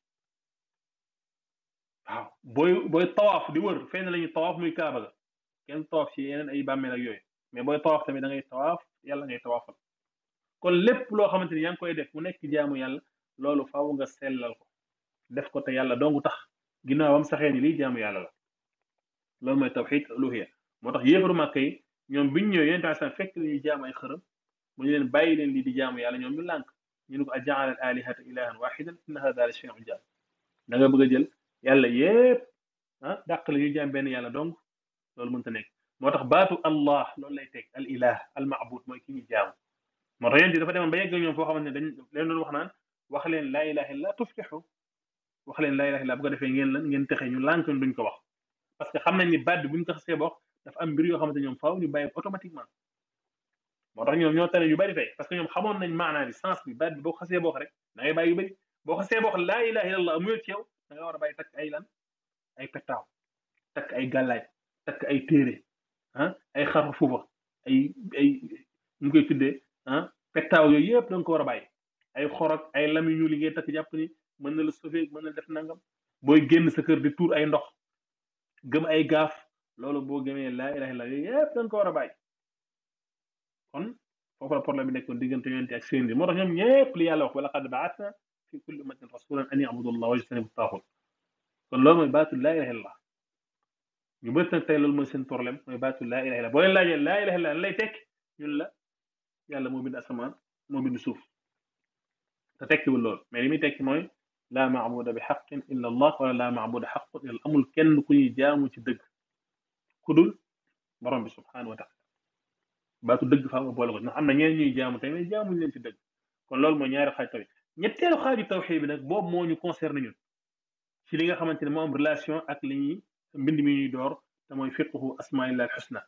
Speaker 3: waaw booy booy tawaaf di wër fenn la ñuy tawaaf muy kaaba ga kenn tawaaf ci yeneen ay bàmmeel yooyu yàlla ngay tawaafal kon lépp loo xamante ni yaa koy def mu nekk jaamu yàlla loolu faaw nga sellal ko def ko te yàlla dong tax ginnaawam saxee ni lii jaamu yàlla la loolu mooy tawxid uluhiya moo tax yéefaru màkk yi ñoom biñ ñëw yeneen tamit fekk lañuy jaam ay xërëm mu ñu leen bàyyi leen lii di jaamu yàlla ñoom ñu lànk ñu ne ko a jaala al alihata ilahan wahidan inna hada la shay'un jaam da nga bëgg a jël yàlla yépp ah dàq la jaam benn yàlla dong loolu mënta nekk moo tax baatu allah loolu lay teg al ilah al maabud mooy ki ñu jaamu moo tax yéen dafa demoon ba yegg ñoom foo xamante ne dañ leen doon wax naan wax leen laa ilaha illa tuflixu wax leen laa ilaha illa bu ko defee ngeen lan ngeen texe ñu lànk duñ ko wax parce que xam nañ ni baat bi buñ ko xasee ba wax dafa am mbir yoo xamante ñoom faaw ñu bàyyi automatiquement moo tax ñoom ñoo tane yu bari tey que ñoom xamoon nañ maanaa bi sens baat bi boo xasee boo rek da ngay bàyyi yu bari boo xasee boo wax laa ilaha illallah mu ci war a bàyyi takk ay lan ay pettaaw takk ay gàllaaj takk ay téere ah ay xaru fuba ay ay ñu koy tuddee ah pettaaw yooyu yëpp da ko war a bàyyi ay xorog ay lami ñu li ngay jàpp ni mën na la sauver mën na la def nangam booy génn sa kër di tuur ay ndox gëm ay gaaf loolu boo gëmee laa ilaha illa yooyu yëpp ko war a bàyyi kon foofu la problème bi nekkoon diggante yonente ak seen bi moo tax ñoom ñëpp li yàlla wax wala qad fi kulli ummatin rasulan an yabudu allah wajtanibu taaxut kon loolu mooy baatu laa ilaha ñu bëri nag tey loolu mooy seen problème mooy baatu laa ilaha illa boo leen laajee laa ilaha illa ñun la yàlla moo bind asamaan moo bind suuf te tekkiwul lool mais li muy tekki mooy laa maabuda bi xaqin illa allah wala laa maabuda xaqun illa amul kenn ku ñuy jaamu ci dëgg ku dul borom bi subhanahu wa taala baatu dëgg faaw nga boole ko ndax am na ñeen ñuy jaamu tey mais jaamuñu leen ci dëgg kon loolu mooy ñaari xaaj tawxid ñetteelu xaaju tawxid bi nag boobu moo ñu concerné ñun ci li nga xamante ne moo am relation ak li mbind mi ñuy door te mooy fiqhu asmaillah al xusna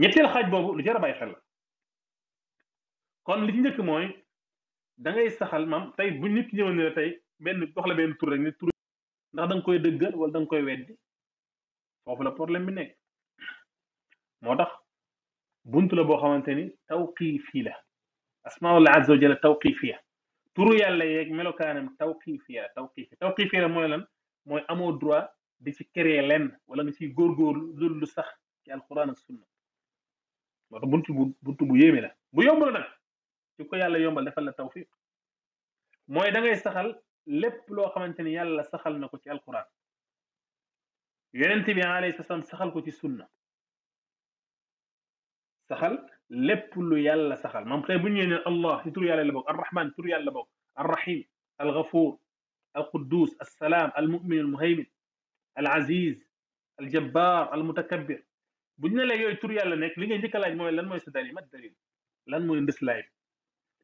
Speaker 3: ñetteel xaaj boobu lu jar a bàyyi xel la kon li ci njëkk mooy dangay ngay saxal maam tey bu nit ñëwoon ne la tey benn dox la benn tur rek ni tur ndax da koy dëggal wala da koy weddi foofu la problème bi moo tax bunt la boo xamante ni tawqiifi la asmaullah azza wa jalla tawqiifiya turu yàlla yeeg melokaanam tawqiifiya tawqiifi tawqiifiya mooy lan mooy amoo droit di ci len wala nga ciy góorgóorlu loolu lu sax ci alquran ak sunna moo tax buntu bu buntu bu yéeme la bu yomb la nag ci ko yàlla yombal defal la tawfiq mooy da ngay saxal lépp loo xamante ni yàlla saxal na ko ci alquran yonent bi alayhi salaam saxal ko ci sunna saxal lépp lu yàlla saxal moom tey bu ñu nee ne allah ci tur yàlla la bokk arrahman tur yàlla la bokk arrahim algafuur alquddus assalaam almumin almuhaymin al aziz al jabbar al mutakabbir bu ñu ne la yooyu tur yàlla nekk li ngay njëkk a laaj mooy lan mooy sa dalil mat dalil lan mooy ndës laay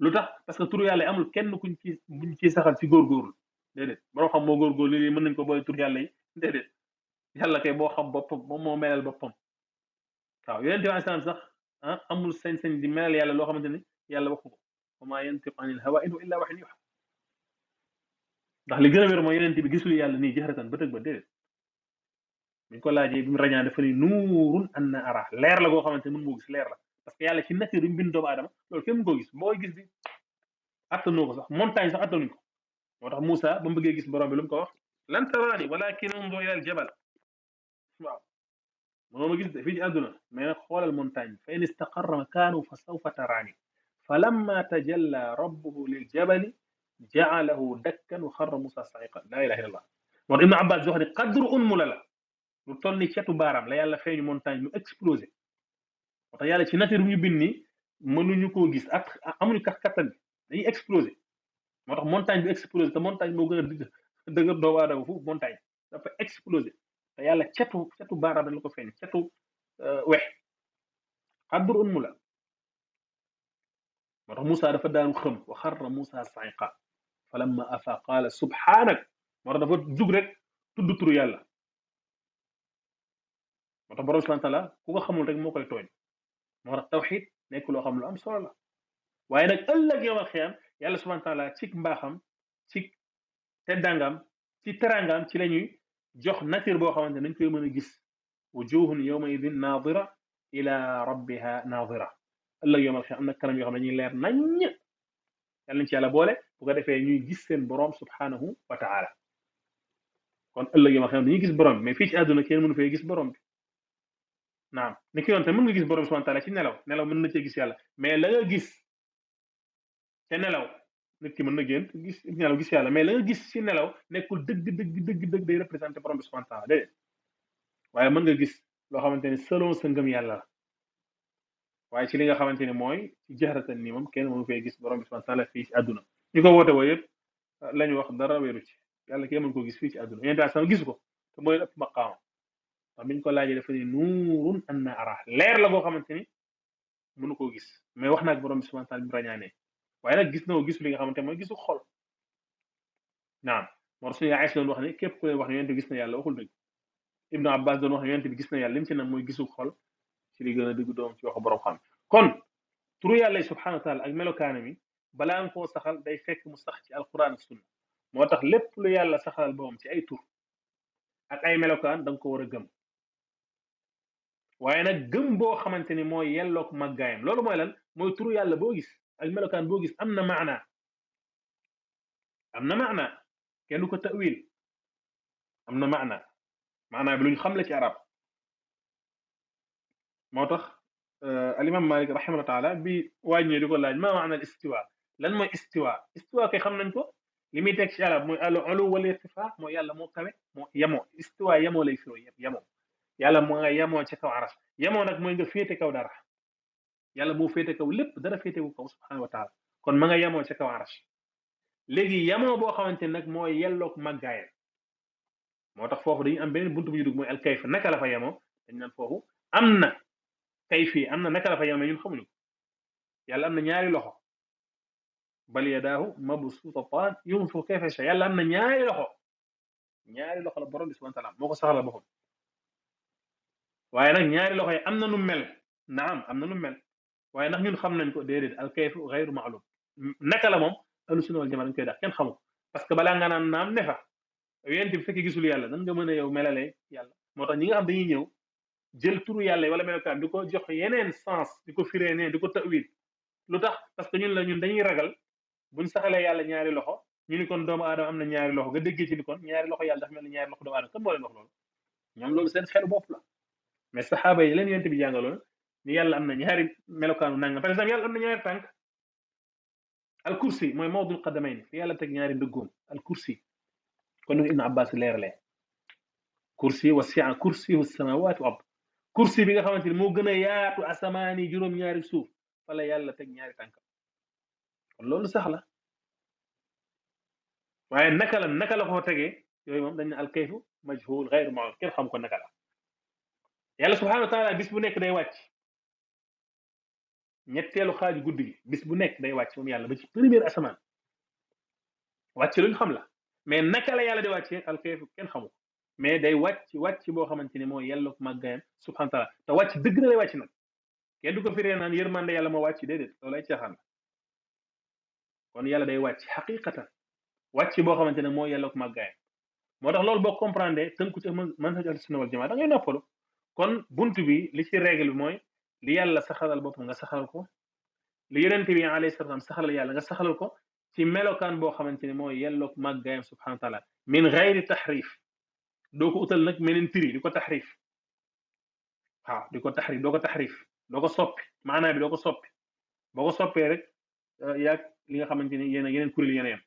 Speaker 3: lu tax parce que tur yàlla amul kenn kuñ ci buñ ciy saxal ci góorgóorlu déedéet boo xam moo góorgóorlu lii mën nañ ko booy tur yàlla yi déedéet yàlla kay boo xam boppam moom moo melal boppam waaw yonente bi sax ah amul sañ-sañ di melal yàlla loo xamante ne yàlla waxu ko wa maa yantiqu anil hawa in huwa illaa wahyun yuuhaa ndax li gën a wér mooy yonente bi gisul yàlla nii jahratan ba tëg ba déedéet buñ ko laajee bi mu rañaan dafa ni nuurun an na ara leer la goo xamante ne mën moo gis leer la parce que yàlla ci nature bi mu bind doomu aadama loolu kenn mën koo gis boo gis bi attanoo ko sax montagne sax attanuñ ko moo tax Moussa ba mu bëggee gis borom bi lu mu ko wax lan taraani walakin unzur ila al jabal waaw mënoo ma gis de fii ci àdduna mais nag xoolal montagne fa in istaqarra makaanu fa sawfa taraani fa lamma tajalla rabbuhu lil jabali jaalahu dakkan wa xarra Moussa sa'iqan laa ilaha illallah moo tax Ibnu Abbas di wax ne qadru un mu la la lu toll ni cetu baaraam la yàlla feeñu montagne mu explosé moo tax yàlla ci nature bu ñu bind nii koo gis ak amuñu kat kattan dañuy explosé moo tax montagne bi te montagne moo gën a dëgër doomu aadama foofu montagne dafa explosé te yàlla cetu cetu baaraam la ko feeñ cetu euh, wex xaddur un mu la moo tax Moussa dafa daanu xëm wa xarra Moussa sayqa falamma afa qaala subhaanak moo tax dafa jug rek tudd turu yàlla moo tax borom subhanahu taala ku ko xamul rek moo koy tooñ moo tax tawxid nekk loo xam lu am solo la waaye nag ëllëg yowal xiyam yàlla subhanahu taala ci mbaaxam ci teddangam ci terangam ci la ñuy jox nature boo xamante nañ koy mën a gis wujuhun yawma idin naadira ila rabbiha naadira ëllëg yowal xiyam am na kanam yoo xam ne dañuy leer nañ yàlla nañ ci yàlla boole bu ko defee ñuy gis seen borom subhanahu wa taala kon ëllëg yowal xiyam dañuy gis borom mais fii ci àdduna kenn mënu fee gis borom bi naam ni ki doon te mën nga gis borom subhanahu taala ci nelaw nelaw mën na cee gis yàlla mais la nga gis te nelaw ki mën na génn gis nelaw gis mais la gis ci nelaw nekkul dëgg dëgg dëgg day représenté borom bi subhanahu taala waaye mën nga gis loo xamante ni selon sa ngëm yàlla la waaye ci li nga xamante ni mooy ci jaxaratan nii moom kenn mënu fee gis borom bi subhanahu fii ci àdduna ñu ko woote woo yëpp lañu wax dara wéeru ci yàlla kenn mën ko gis fii ci àdduna yéen daal sama gis ko te mooy ëpp maqaama ndax biñ ko laajee dafa ne nuurun an na ara leer la boo xamante ni mënu koo gis mais wax naag borom bi subhanahu wa bi mu waaye nag gis na ko gisu li nga xamante mooy gisu xol naam moo rasul yaa Aysa doon wax ne képp ku ne wax ne yonent bi gis na yàlla waxul dëgg Ibnu Abbas doon wax bi gis na yàlla lim ci nag mooy gisul xool ci li gën a diggu doom ci wax borom xam kon turu yàlla yi subhanahu ak melokaana mi balaa nga koo saxal day fekk mu sax ci alquran ak sunna moo tax lépp lu yàlla saxal boom ci ay tur ay melokaan da ko war a gëm waaye nag gëm boo xamante ni mooy yelloog màggaayam loolu mooy lan mooy turu yàlla boo gis ak melokaan boo gis am na maanaa am na maanaa kenn du ko tawil am na maanaa maanaa bi luñ xam la ci arab moo tax euh, alimam malik rahimahullah taala bi wàññee di ko laaj ma maana al istiwa lan mooy istiwa istiwa kay xam nañ ko li muy teg ci arab mooy al ulu wal irtifa mooy yàlla moo kawe moo yemoo istiwa yemoo lay firo yëpp yemoo yàlla moo nga yemoo ci kaw aras yemoo nag mooy nga féete kaw dara yàlla moo féete kaw lépp dara féetewu kaw subhanahu wa kon ma nga yemoo ca kaw aras léegi yemoo boo xamante nag moo yelloog màggaayam moo tax foofu dañu am beneen buntu bu ñu mooy al kayfa naka la fa yemoo dañ naan foofu am na kayfi am na naka la fa yemoo ñun xamuñu ko am na ñaari loxo ma bal yadaahu mabsuutatan yunfiqu kayfa yashaa yàlla am na ñaari loxo ñaari loxo l borom bi subhanahu wa waaye nag ñaari loxo yi am na nu mel naam am na nu mel waaye ndax ñun xam nañ ko déedéet al kayfu gayru maalum naka la moom ahlu sunna wal jamaa dañ koy dax kenn xamu parce que balaa nga naan naam yàlla nan nga mën a yow melale yàlla moo tax ñi nga xam dañuy ñëw jël turu yàlla wala melokaan di ko jox yeneen sens di ko firee ne di ko tawil lu tax parce que ñun la ñun dañuy ragal buñ saxalee yàlla ñaari loxo ñu ni kon doomu aadama ñaari loxo nga déggee ci ni kon ñaari loxo yàlla dafa mel ni ñaari loxo doomu aadama kan moo loxo wax loolu ñoom loolu seen xelu bopp la mais saxaaba yi leen yonent bi jàngaloon ni yàlla am na ñaari melokaanu nangam par exemple yàlla am na ñaari tànk al kursi mooy mawdul qadamayn fi yàlla teg ñaari ndëggoom al kursi kon nu ibnu abbas leerle kursi wasia kursiyu samawati wal ard kursi bi nga xamante ni moo gën a yaatu asamaani juróom-ñaari suuf fa la yàlla teg ñaari tànkam kon loolu sax la waaye naka la naka la koo tegee yooyu moom dañ ne al kayfu majhul gayru ma'lum kenn xam ko naka la yàlla subhanahu wa taala bis bu nekk day wàcc ñetteelu xaaju guddi gi bis bu nekk day wàcc moom yàlla ba ci première asamaan wàcc luñ xam la mais naka la yàlla di wàccee alkeefu kenn xamu mais day wàcc wàcc boo xamante ni mooy yàlla ku subhanahu wa taala te wàcc dëgg na lay wàcc nag kenn du ko firee man yërmande yàlla moo wàcc déedéet loolu ay caaxaan la kon yàlla day wàcc xaqiqatan wàcc boo xamante ne mooy ku màggaayam moo tax loolu boo comprendre tënku ci man man sa sunna wal jamaa da ngay noppalu kon bunt bi li ci règle bi mooy li yàlla saxalal boppam nga saxal ko li yonent bi alayhi salaatu salaam saxalal yàlla nga saxalal ko ci melokaan boo xamante ne mooy yelloog màggaayam subhanahu wa taala min gayri taxrif doo ko utal nag meneen tiri di ko taxrif waaw di ko taxrif doo ko taxrif doo ko soppi maanaa bi doo ko soppi boo ko soppee rek eh, yaag li nga xamante ni yéen yeneen kuréel yéen a yem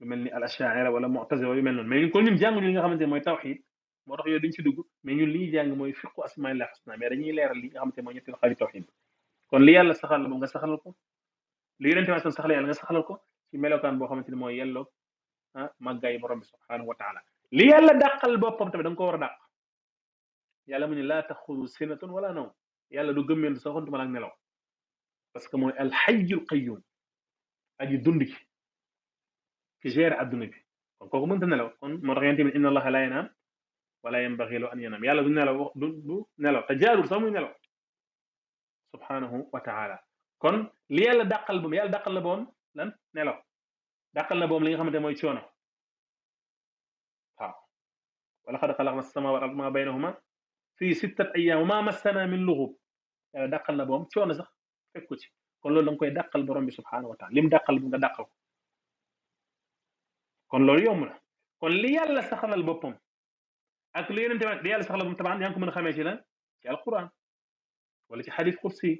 Speaker 3: lu mel ni al ashaira wala mu'tazila yu mel noonu mais kon ñun jànguñu li nga xamante ne mooy tawxid moo tax yooyu duñ ci dugg mais ñun li ñuy jàng mooy fiqu asmaa'illaahi husnaa mais dañuy leeral li nga xamante mooy ñetti xaaju tawxiid kon li yàlla saxal la moom nga saxalal ko li yonente ma saxal yàlla ko ci melokaan boo xamante ne mooy yelloo ah màggaay borom bi subhaanahu wa taala li yàlla dàqal boppam tamit da nga ko war a dàq yàlla mu ne laa taxudu sinatun wala nawm yàlla du gëmmeentu soo ma laak nelaw parce que mooy alxayyul qayyum aji dund ki ci gère adduna bi kon kooku mënta nelaw kon moo tax yonente bi inna allaha laa wala yanbaghi lahu an yanam yàlla du nelaw du du nelaw te jaarul sax muy nelaw subhanahu wa taala kon li yàlla dàqal boom yàlla dàqal la boom lan nelaw dàqal la boom li nga xamante mooy coono waaw wala xad xalaqna sama wal ard ma baynahuma fii sittat ayyam wa ma massana min lughub yàlla dàqal la boom coono sax fekku ci kon loolu da nga koy dàqal borom bi subhanahu wa taala lim dàqal bu nga dàqal ko kon loolu yomb na kon li yàlla saxalal boppam ak lu yeneen tamit yàlla sax la moom tabaan yaa ngi ko mën a xamee ci lan ci alquran wala ci xadis kursi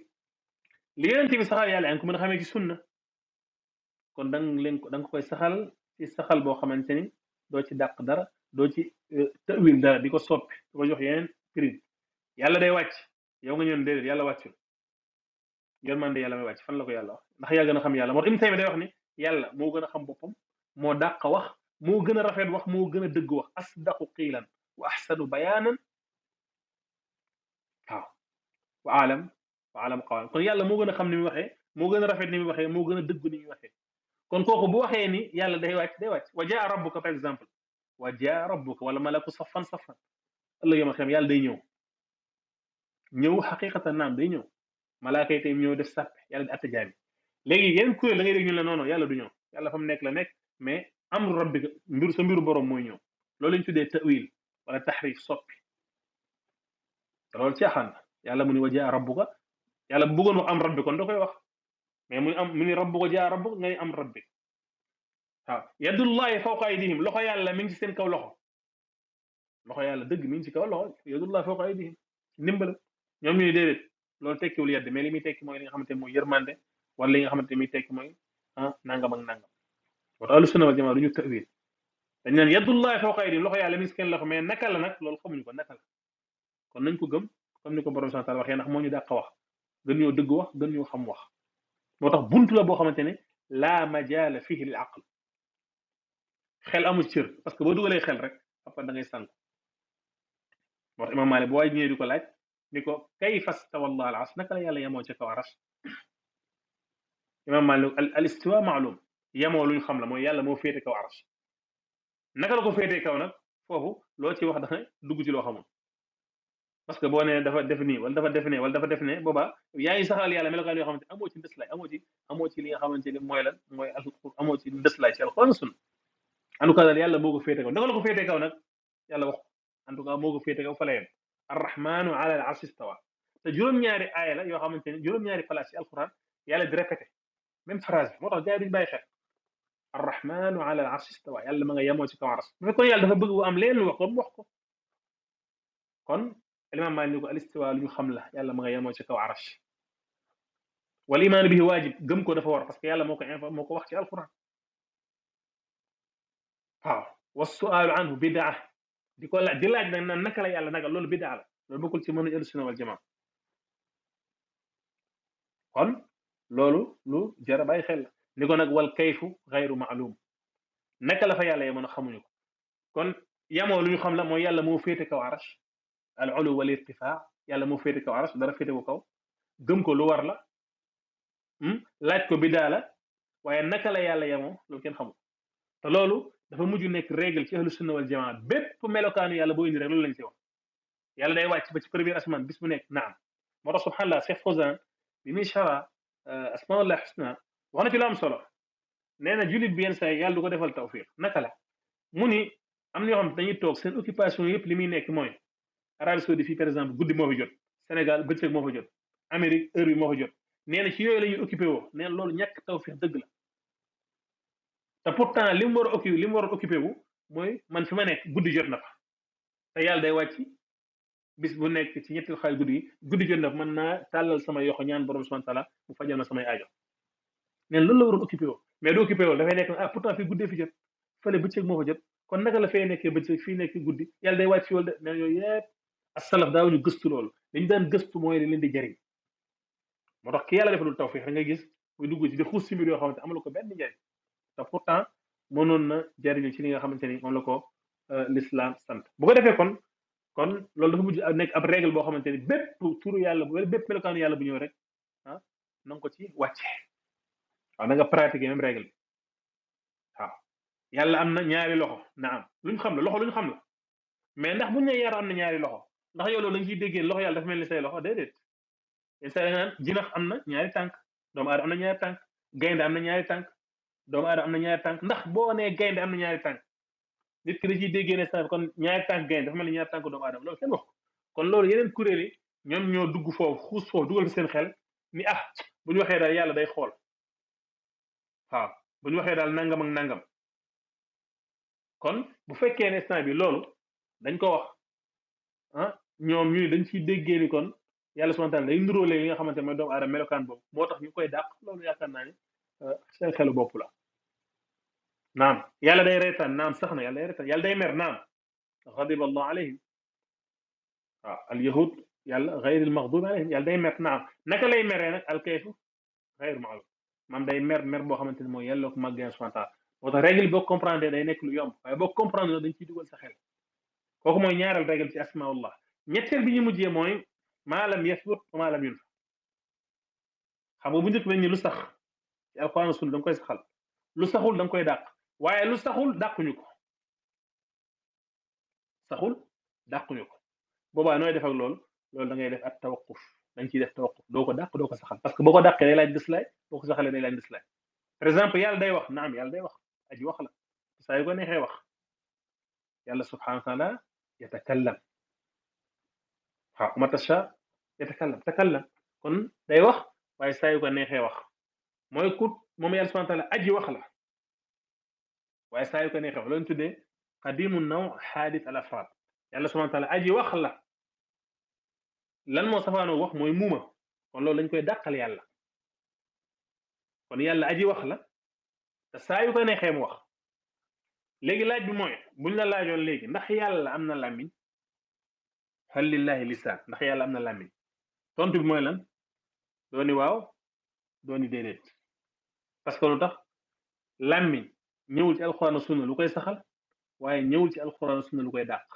Speaker 3: li yeneen tamit saxal yàlla yaa ngi ko mën a xamee ci sunna kon da nga leen ko da nga koy saxal ci saxal boo xamante ni doo ci daq dara doo ci euh, tawil dara di ko soppi di ko jox yeneen prix yàlla day wàcc yow nga ñëw déedéet yàlla wàccul yoon yàlla may wàcc fan la ko yàlla ndax yaa gën a xam yàlla moo Ibn Taymiyya day wax ni yàlla moo gën a xam boppam moo dàq wax moo gën a rafet wax moo gën a dëgg wax asdaqu kiilan وأحسن بيانا waaw wa aalam wa aalam qawlam kon yàlla moo gën a xam ni muy waxe moo gën a rafet ni mu waxee moo gën a dëgg ni muy waxee kon kooku bu waxee ni yàlla day wàcc day wàcc wa jaa rabbuka par exemple wa jaa rabbuka wala malaku safan safan ëllëg yoma xam yàlla day ñëw ñëw xaqiqatan naam day ñëw malaaka yi tey ñëw def sàppe yàlla di atta jaam léegi yeneen kuréel da ngay dégg ñu la noono yàlla du ñëw yàlla fa mu nekk la nekk mais amru rabbika mbir sa mbiru borom mooy ñëw loolu lañ tuddee tawil wala taxrif soppi te loolu caaxaan na yàlla mu ni wa jaa rabbuka yàlla buggoon bëggoon wax am rabbi kon da koy wax mais mu am mu ni rabbuka jaa rabbuka ngay am rabbi waaw yadullahi fawqa aydihim loxo yàlla mi ngi ci seen kaw loxo loxo yalla dëgg mi ngi ci kaw loxo yadullahi fawqa aydihim ndimbal ñoom ni déedéet loolu tekkiwul yedd mais li muy tekki mooy li nga xamante ne mooy yërmande wala li nga xamante ne muy tekki mooy ah nangam ak nangam sunna wal jamaa du ñu tawil dañ naan yadullahi fawqa aydihim loxo yàlla miskeen la ko mais naka la nag loolu xamuñu ko naka la kon nañ ko gëm comme ni ko borom santal waxee ndax moo ñu dàq wax gën ñoo dëgg wax gën ñoo xam wax moo tax buntu la boo xamante ne laa majaala fihi lil aql xel amul cër parce que boo dugalee xel rek après da ngay sànku moo tax imam Maalik bu waay ñëwee di ko laaj ni ko kayfa stawa allah al naka la yàlla yemoo ca kaw arsh imam Maalik al maalum yemoo luñ xam la mooy yàlla moo féete kaw arsh naka la ko féetee kaw nag foofu loo ci wax dafa dugg ci loo xamul parce que boo nee dafa def nii wala dafa def ne wala dafa def ne boobaa yaa ngi saxal yàlla melokaan yoo xamante amoo ci ndëslaay amoo ci amoo ci li nga xamante ne mooy lan mooy amoo ci ndëslaay ci alxuraan sunna en tout yàlla moo ko féete kaw naka la ko féete kaw nag yàlla wax en tout cas moo ko féete kaw fa la yem arrahmanu ala al arshi stawa te juróom-ñaari aaya la yoo xamante ne juróom-ñaari place ci alxuraan yàlla di répété même yi duñu bàyyi arrahmanu ala al arshi istawa yàlla ma nga yemoo ci kaw arsh bu fekkoon yàlla dafa bëgg bu am leen lu wax ko bu wax ko kon alimaam Maalik ni ko al istiwa lu ñu xam la yàlla ma nga yemoo ci kaw arsh wal imaan bihi waajib gëm ko dafa war parce que yàlla moo ko info moo ko wax ci alquran waaw wa sualu anhu bidaa di ko laaj di laaj nag naan naka la yàlla nagal loolu bidaa la loolu bokkul ci mën a ahlu sunna wal jamaa kon loolu lu jar a bàyyi xel la ni ko nag wal kayfu xayru maalum naka la fa yàlla yemoon xamuñu ko kon yamoo lu ñu xam la mooy yàlla moo féete kaw arash al ulu wal irtifaa yàlla moo féete kaw arash dara féete ko kaw gëm ko lu war la hmm? laaj ko bidaa la waaye naka la yàlla yemoo loolu kenn xamul te loolu dafa mujj nekk règle ci ahlu sunna wal jamaa bépp melokaanu yàlla boo indi rek loolu lañ ci wax yàlla day wàcc ba ci premier asamaan bis bu nekk naam moo tax subhanallah Cheikh Fawzan bi muy chara euh, asmaullah husna wax na ci lu am solo nee na jullit bi yenn saa yi yàlla du ko defal tawfiq naka la mu ni am na yoo xam dañuy toog seen occupation yëpp li muy nekk mooy Arabie Saoudite fii par exemple guddi moo fa jot Sénégal bëccëg moo fa jot Amérique heure bi moo fa jot nee na ci yooyu la ñuy occupé woo loolu ñàkk tawfiq dëgg la te pourtant li mu war a li mu war a occupé wu mooy man fi ma nekk guddi jot na fa te yàlla day wàcc bis bu nekk ci ñetti xaaj guddi guddi jot na fa mën naa tàllal sama yoxo ñaan borom subhanahu wa mu fajal ma samay aajo mais loolu la waroon occupé mais du occupé woo dafay nekk ah, jot moo fa jot kon naka la fee nekkee bëccëg fii nekk guddi yàlla day wàcc yool de mais yooyu yëpp asalaf daawuñu gëstu loolu dañu daan gëstu mooy li leen di jariñ moo tax ki yàlla defalul tawfiq da gis muy dugg ci di xuus si mbir yoo xamante amul ko benn njariñ te pourtant mënoon na jariñu ci li nga xamante ni moom la ko euh, l'islam sant bu ko defee kon kon loolu dafa mujj nekk ab règle boo xamante ni bépp turu yàlla bu bépp melokaanu yàlla bu ñëw rek ah ko ci wàcce waaw na nga pratiquer même règle waaw yàlla am na ñaari loxo na am luñ xam la loxo luñ xam la mais ndax buñ ne yàlla am na ñaari loxo ndax yow loolu da nga ciy déggee loxo yàlla dafa mel ni say loxo déedéet instant naan jinax am na ñaari tànk doomu aadama am na ñaari tànk gaynde am na ñaari tànk doomu aadama am na ñaari tànk ndax boo nee gaynde am na ñaari tànk nit ki da ci déggee ne kon ñaari tànk gaynde dafa mel ni ñaari tànk doomu aadama loolu seen wax kon loolu yeneen kuréel yi ñoom ñoo dugg foofu xuus foofu dugal fi seen xel ni ah bu ñu waxee daal yàlla day xool waaw bu ñu waxee daal nangam nangam kon bu fekkee ne instant bi loolu dañ ko wax ah ñoom ñu dañ ciy déggee ni kon yàlla subhanahu wa taala day nduróole li nga xamante mooy doomu aadama melokaan boobu moo tax ñu koy dàq loolu yaakaar naa ne euh, seen xelu bopp la naam yàlla day reetaan naam sax na yàlla day yàlla day mer naam xadiba allah alayhim waaw al yahud yàlla xayril maxdubi alayhim yàlla day mer naam naka lay meree nak al kayfu xayru man day mer mer boo xamante ni mooy yàlla ko màggee subhanahu wa moo tax règle boo comprendre day nekk lu yomb waaye boo comprendre dañ ciy dugal sa xel kooku mooy ñaareel règle ci asmaullah ñetteel bi ñu mujjee mooy maalam yasbut maalam yunfa xam nga bu njëkk bi ñu lu sax ci alquran sunna da nga koy saxal lu saxul danga koy dàq waaye lu saxul dàquñu ko saxul dàquñu ko boobaa nooy def ak loolu loolu da ngay def at tawaquf da nga ciy def tawakkuf doo ko dàq doo ko saxal parce que boo ko dàqee day laaj dislay boo ko saxalee day laaj dislay par exemple yàlla day wax naam yàlla day wax aji wax la saa yu ko neexee wax yàlla subhanahu wa taala yatakallam waaw matasha yatakallam takallam kon day wax waaye saa yu ko neexee wax mooy ku moom yàlla subhanahu wa taala aji wax la waaye saa ko neexee wax loolu ñu tuddee qadimu naw xaadis al afraad yàlla subhanahu wa taala aji wax la lan moo safaanoo wax mooy muuma o loolu lañ koy dàqal yàlla kon yàlla aji wax la te saa yu ko neexee wax léegi laaj bi mooy buñ la laajoon léegi ndax yàlla am na làmmiñ hal lillahi lisaan ndax yàlla am na làmmiñ tontu bi moy lan dooni waaw dooni déedéet parce que lu tax làmmiñ ñëwul ci alxuraan sunna lu koy saxal waaye ñëwul ci alxuraan sunna lu koy dàq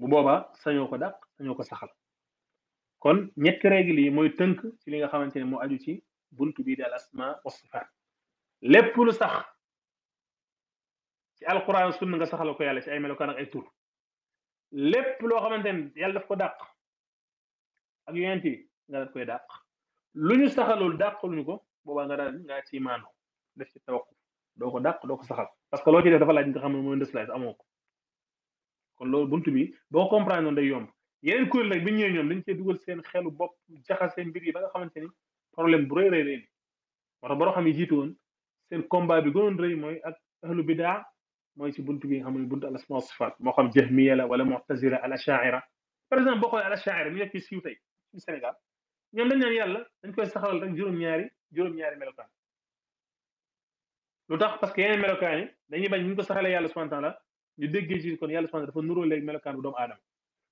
Speaker 3: bu boobaa sañoo ko dàq sañoo ko saxal kon ñetti règle yi mooy tënk ci li nga xamante ne moo aju ci bunt bii daal al asma wa sifaat lépp lu sax ci alquran na nga saxal ko yàlla ci ay melokaan ak ay tur lépp loo xamante ne yàlla daf ko dàq ak yonent bi nga daf koy dàq lu ñu saxalul dàq lu ko boobaa nga daal nga ci maano def ci tawakkuf doo ko dàq doo ko saxal parce que loo ci def dafa laaj nga xam ne mooy ndës laay amoo ko kon loolu buntu bi boo comprendre noonu day yomb yeneen kuréel nag bi ñëwee ñoom dañ cee dugal seen xelu bopp jaxase seen mbir ba nga xamante ni problème bu rëy rëy rëy moo tax borom xam yi jiitu woon seen combat bi gënoon rëy mooy ak ahlu bidaa mooy si bunt bi nga xam ne buntu al asmaa sifaat moo xam jahmiya la wala mu'tazila al ashaira par exemple boo xoolee al ashaira mi nekk fi siiw tey ci Sénégal ñoom dañ naan yàlla dañ koy saxalal rek juróom-ñaari juróom-ñaari melokaan lu tax yàlla subhanahu wa ñu déggee ci kon yàlla subhanahu dafa nuroo léegi melokaan bu doomu aadama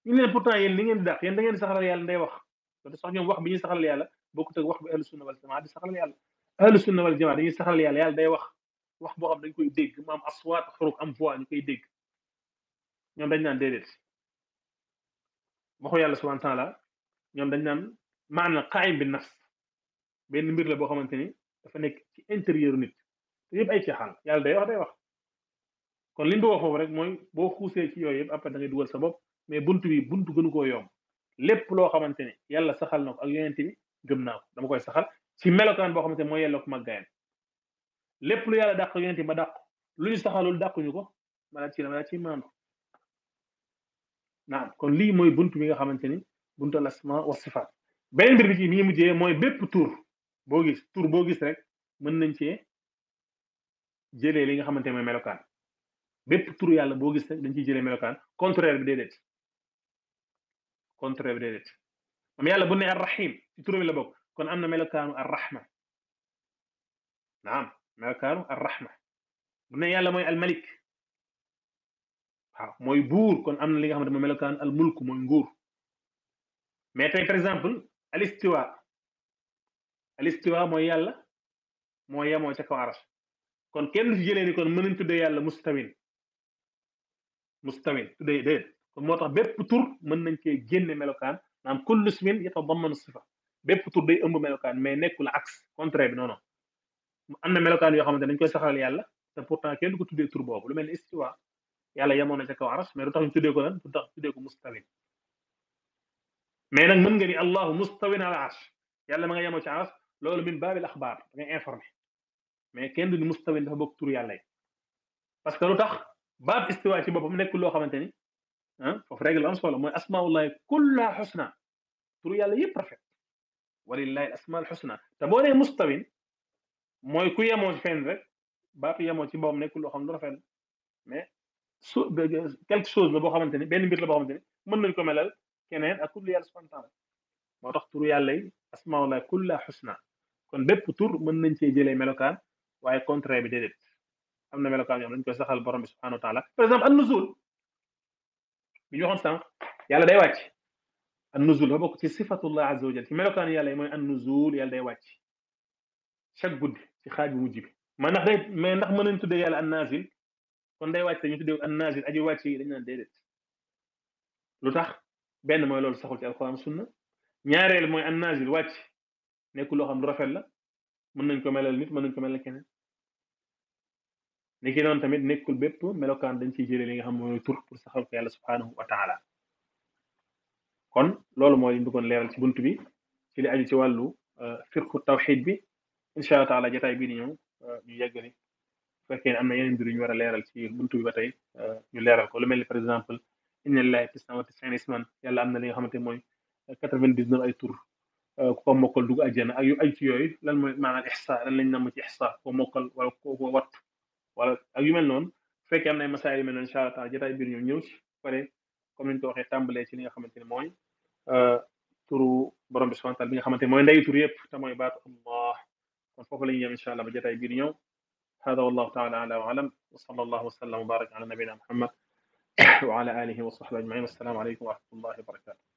Speaker 3: ñu leen pourtant yéen ni ngeen di dàq yéen da ngeen di saxalal yàlla nday wax loolu sax ñoom wax saxalal yàlla bokkut wax bi ahlu sunna wal jamaa di saxalal yàlla ahlu sunna wal jamaa yàlla yàlla wax wax boo xam dañ koy dégg moom am aswaat xuruf am voix ñu koy dégg ñoom dañ naan déedéet waxu yàlla subhanahu taala ñoom dañ naan maana qaayim bi nafs benn mbir la boo xamante ni dafa nekk ci intérieur nit te yëpp ay caaxaan yàlla day wax day wax kon li ñu doon foofu rek mooy boo xuusee ci yooyu yëpp après da ngay dugal sa bopp mais bunt bi bunt gënu koo yomb lépp loo xamante ne yàlla saxal na ak yonent bi gëm naa ko koy saxal ci melokaan boo xamante ne mooy yàlla ko màggaayam lépp lu yàlla dàq yonent ma dàq lu ñu saxalul ko ma ci ma ci maandu kon lii mooy bunt bi nga xamante ni buntu al asma wa sifaat beneen mbir bi ci mi ngi mujjee mooy bépp tur boo gis tur boo gis rek mën nañ cee jëlee li nga xamante ne mooy melokaan bépp turu yàlla boo gis dañ ciy jëlee melokaan contraire bi déedéet contraire bi déedéet moom yàlla bu ne arrahim ci turu bi la bokk kon am na melokaanu arrahma naam melokaanu arrahma bu ne yàlla mooy almalik waaw mooy buur kon am na li nga xamante mooy melokaanu almulk mooy nguur mais tey par exemple alistiwa alistiwa mooy yàlla moo yemoo ca kaw aras kon kenn du ci jëlee ni kon mën nañ tuddee yàlla mustawin mustawin day day kon moo tax bépp tur mën nañ cee génne melokaan maanaam kullu ismin yatadammanu sifa bépp tur day ëmb melokaan mais nekkul axe contre bi non non am na melokaan yoo xamante nañ koy saxal yàlla te pourtant kenn du ko tuddee tur boobu lu mel ni istiwa yàlla yemoon na ca kaw aras mais du tax ñu tuddee ko lan du tax tuddee ko mustawin mais nag mën nga ni allahu mustawin ala arsh yàlla ma nga yemoo ci aras loolu min baabil axbaar da ngay informé mais kenn du ni mustawin dafa bokk tur yàlla baat istiwa ci boppam nekk loo xamante ni ah foofu règle am solo mooy asmaullahi kulla xusna turu yàlla yëpp rafet walillahi al asmaul xusna te boo nee mustawin mooy ku yemoo ci fenn rek baatu yemoo ci boppam nekk loo xam lu rafet mais su quelque chose la boo xamante ni benn mbir la boo xamante ni mën nañ ko melal keneen ak kullu yàlla subhanahu wa taala moo tax turu yàlla yi asmaullahi kulla xusna kon bépp tur mën nañ cee jëlee melokaan waaye contraire bi déedéet am na melokaan yoo xam dañ koy saxal borom bi subhanahu wa taala par exemple an nuzul bi ñu waxoon sànq yàlla day wàcc an nuzul ba bokk ci sifatullah azza wa jal ci melokaan yàlla yi mooy an nuzul yàlla day wàcc chaque guddi ci xaaj bu mujj bi ma ndax day mais ndax mën nañ tuddee yàlla an nazil kon day wàcc dañu tuddee an nazil aji wàcc yi dañu naan déedéet lu tax benn mooy loolu saxul ci alquran sunna ñaareel mooy an nazil wàcc nekkul loo xam lu rafet la mën nañ ko melal nit mën nañ ko melal keneen ni ki tamit tamit nekkul bépp melokaan dañ ciy jëlee li nga xam mooy tur pour saxal ko yàlla subhanahu wa taala kon loolu mooy ñu leeral ci bunt bi ci li aju ci wàllu euh, firqu tawxid bi incha allah taala jotaay bii di ñoom euh, ñu yeggali bu fekkee am na yeneen mbir yu ñu war a leeral ci bunt bi ba tey euh, ñu leeral ko lu ni par exemple inna lillahi tis'atan wa tis'iina isman yàlla am na li nga xamante mooy quatre vingt dix ay tur ko mokkal dugg àjjana ak yu ci yooyu lan mooy maanaam ixsa lan lañ namm ci ixsa ko mokkal wala ko wat wala ak yu mel noonu bu fekkee am na ay masaay yu mel noonu incha allah jotaay biir ñu ñëw ci pare comme ni ñu ko waxee tàmbalee ci li nga xamante ni mooy euh, turu borom bi subhanahu wa taala bi nga xamante ni mooy ndeyu tur yëpp te mooy baatu allah kon foofu la ñuy yem incha allah ba jotaay biir ñëw hada wallahu taala ala wa alam wa sallallahu wa sallam wa baraka ala nabina muhammad <coughs> wa ala alihi wa sahbihi ajmain wassalaamu aleykum wa rahmatullahi wa barakatuh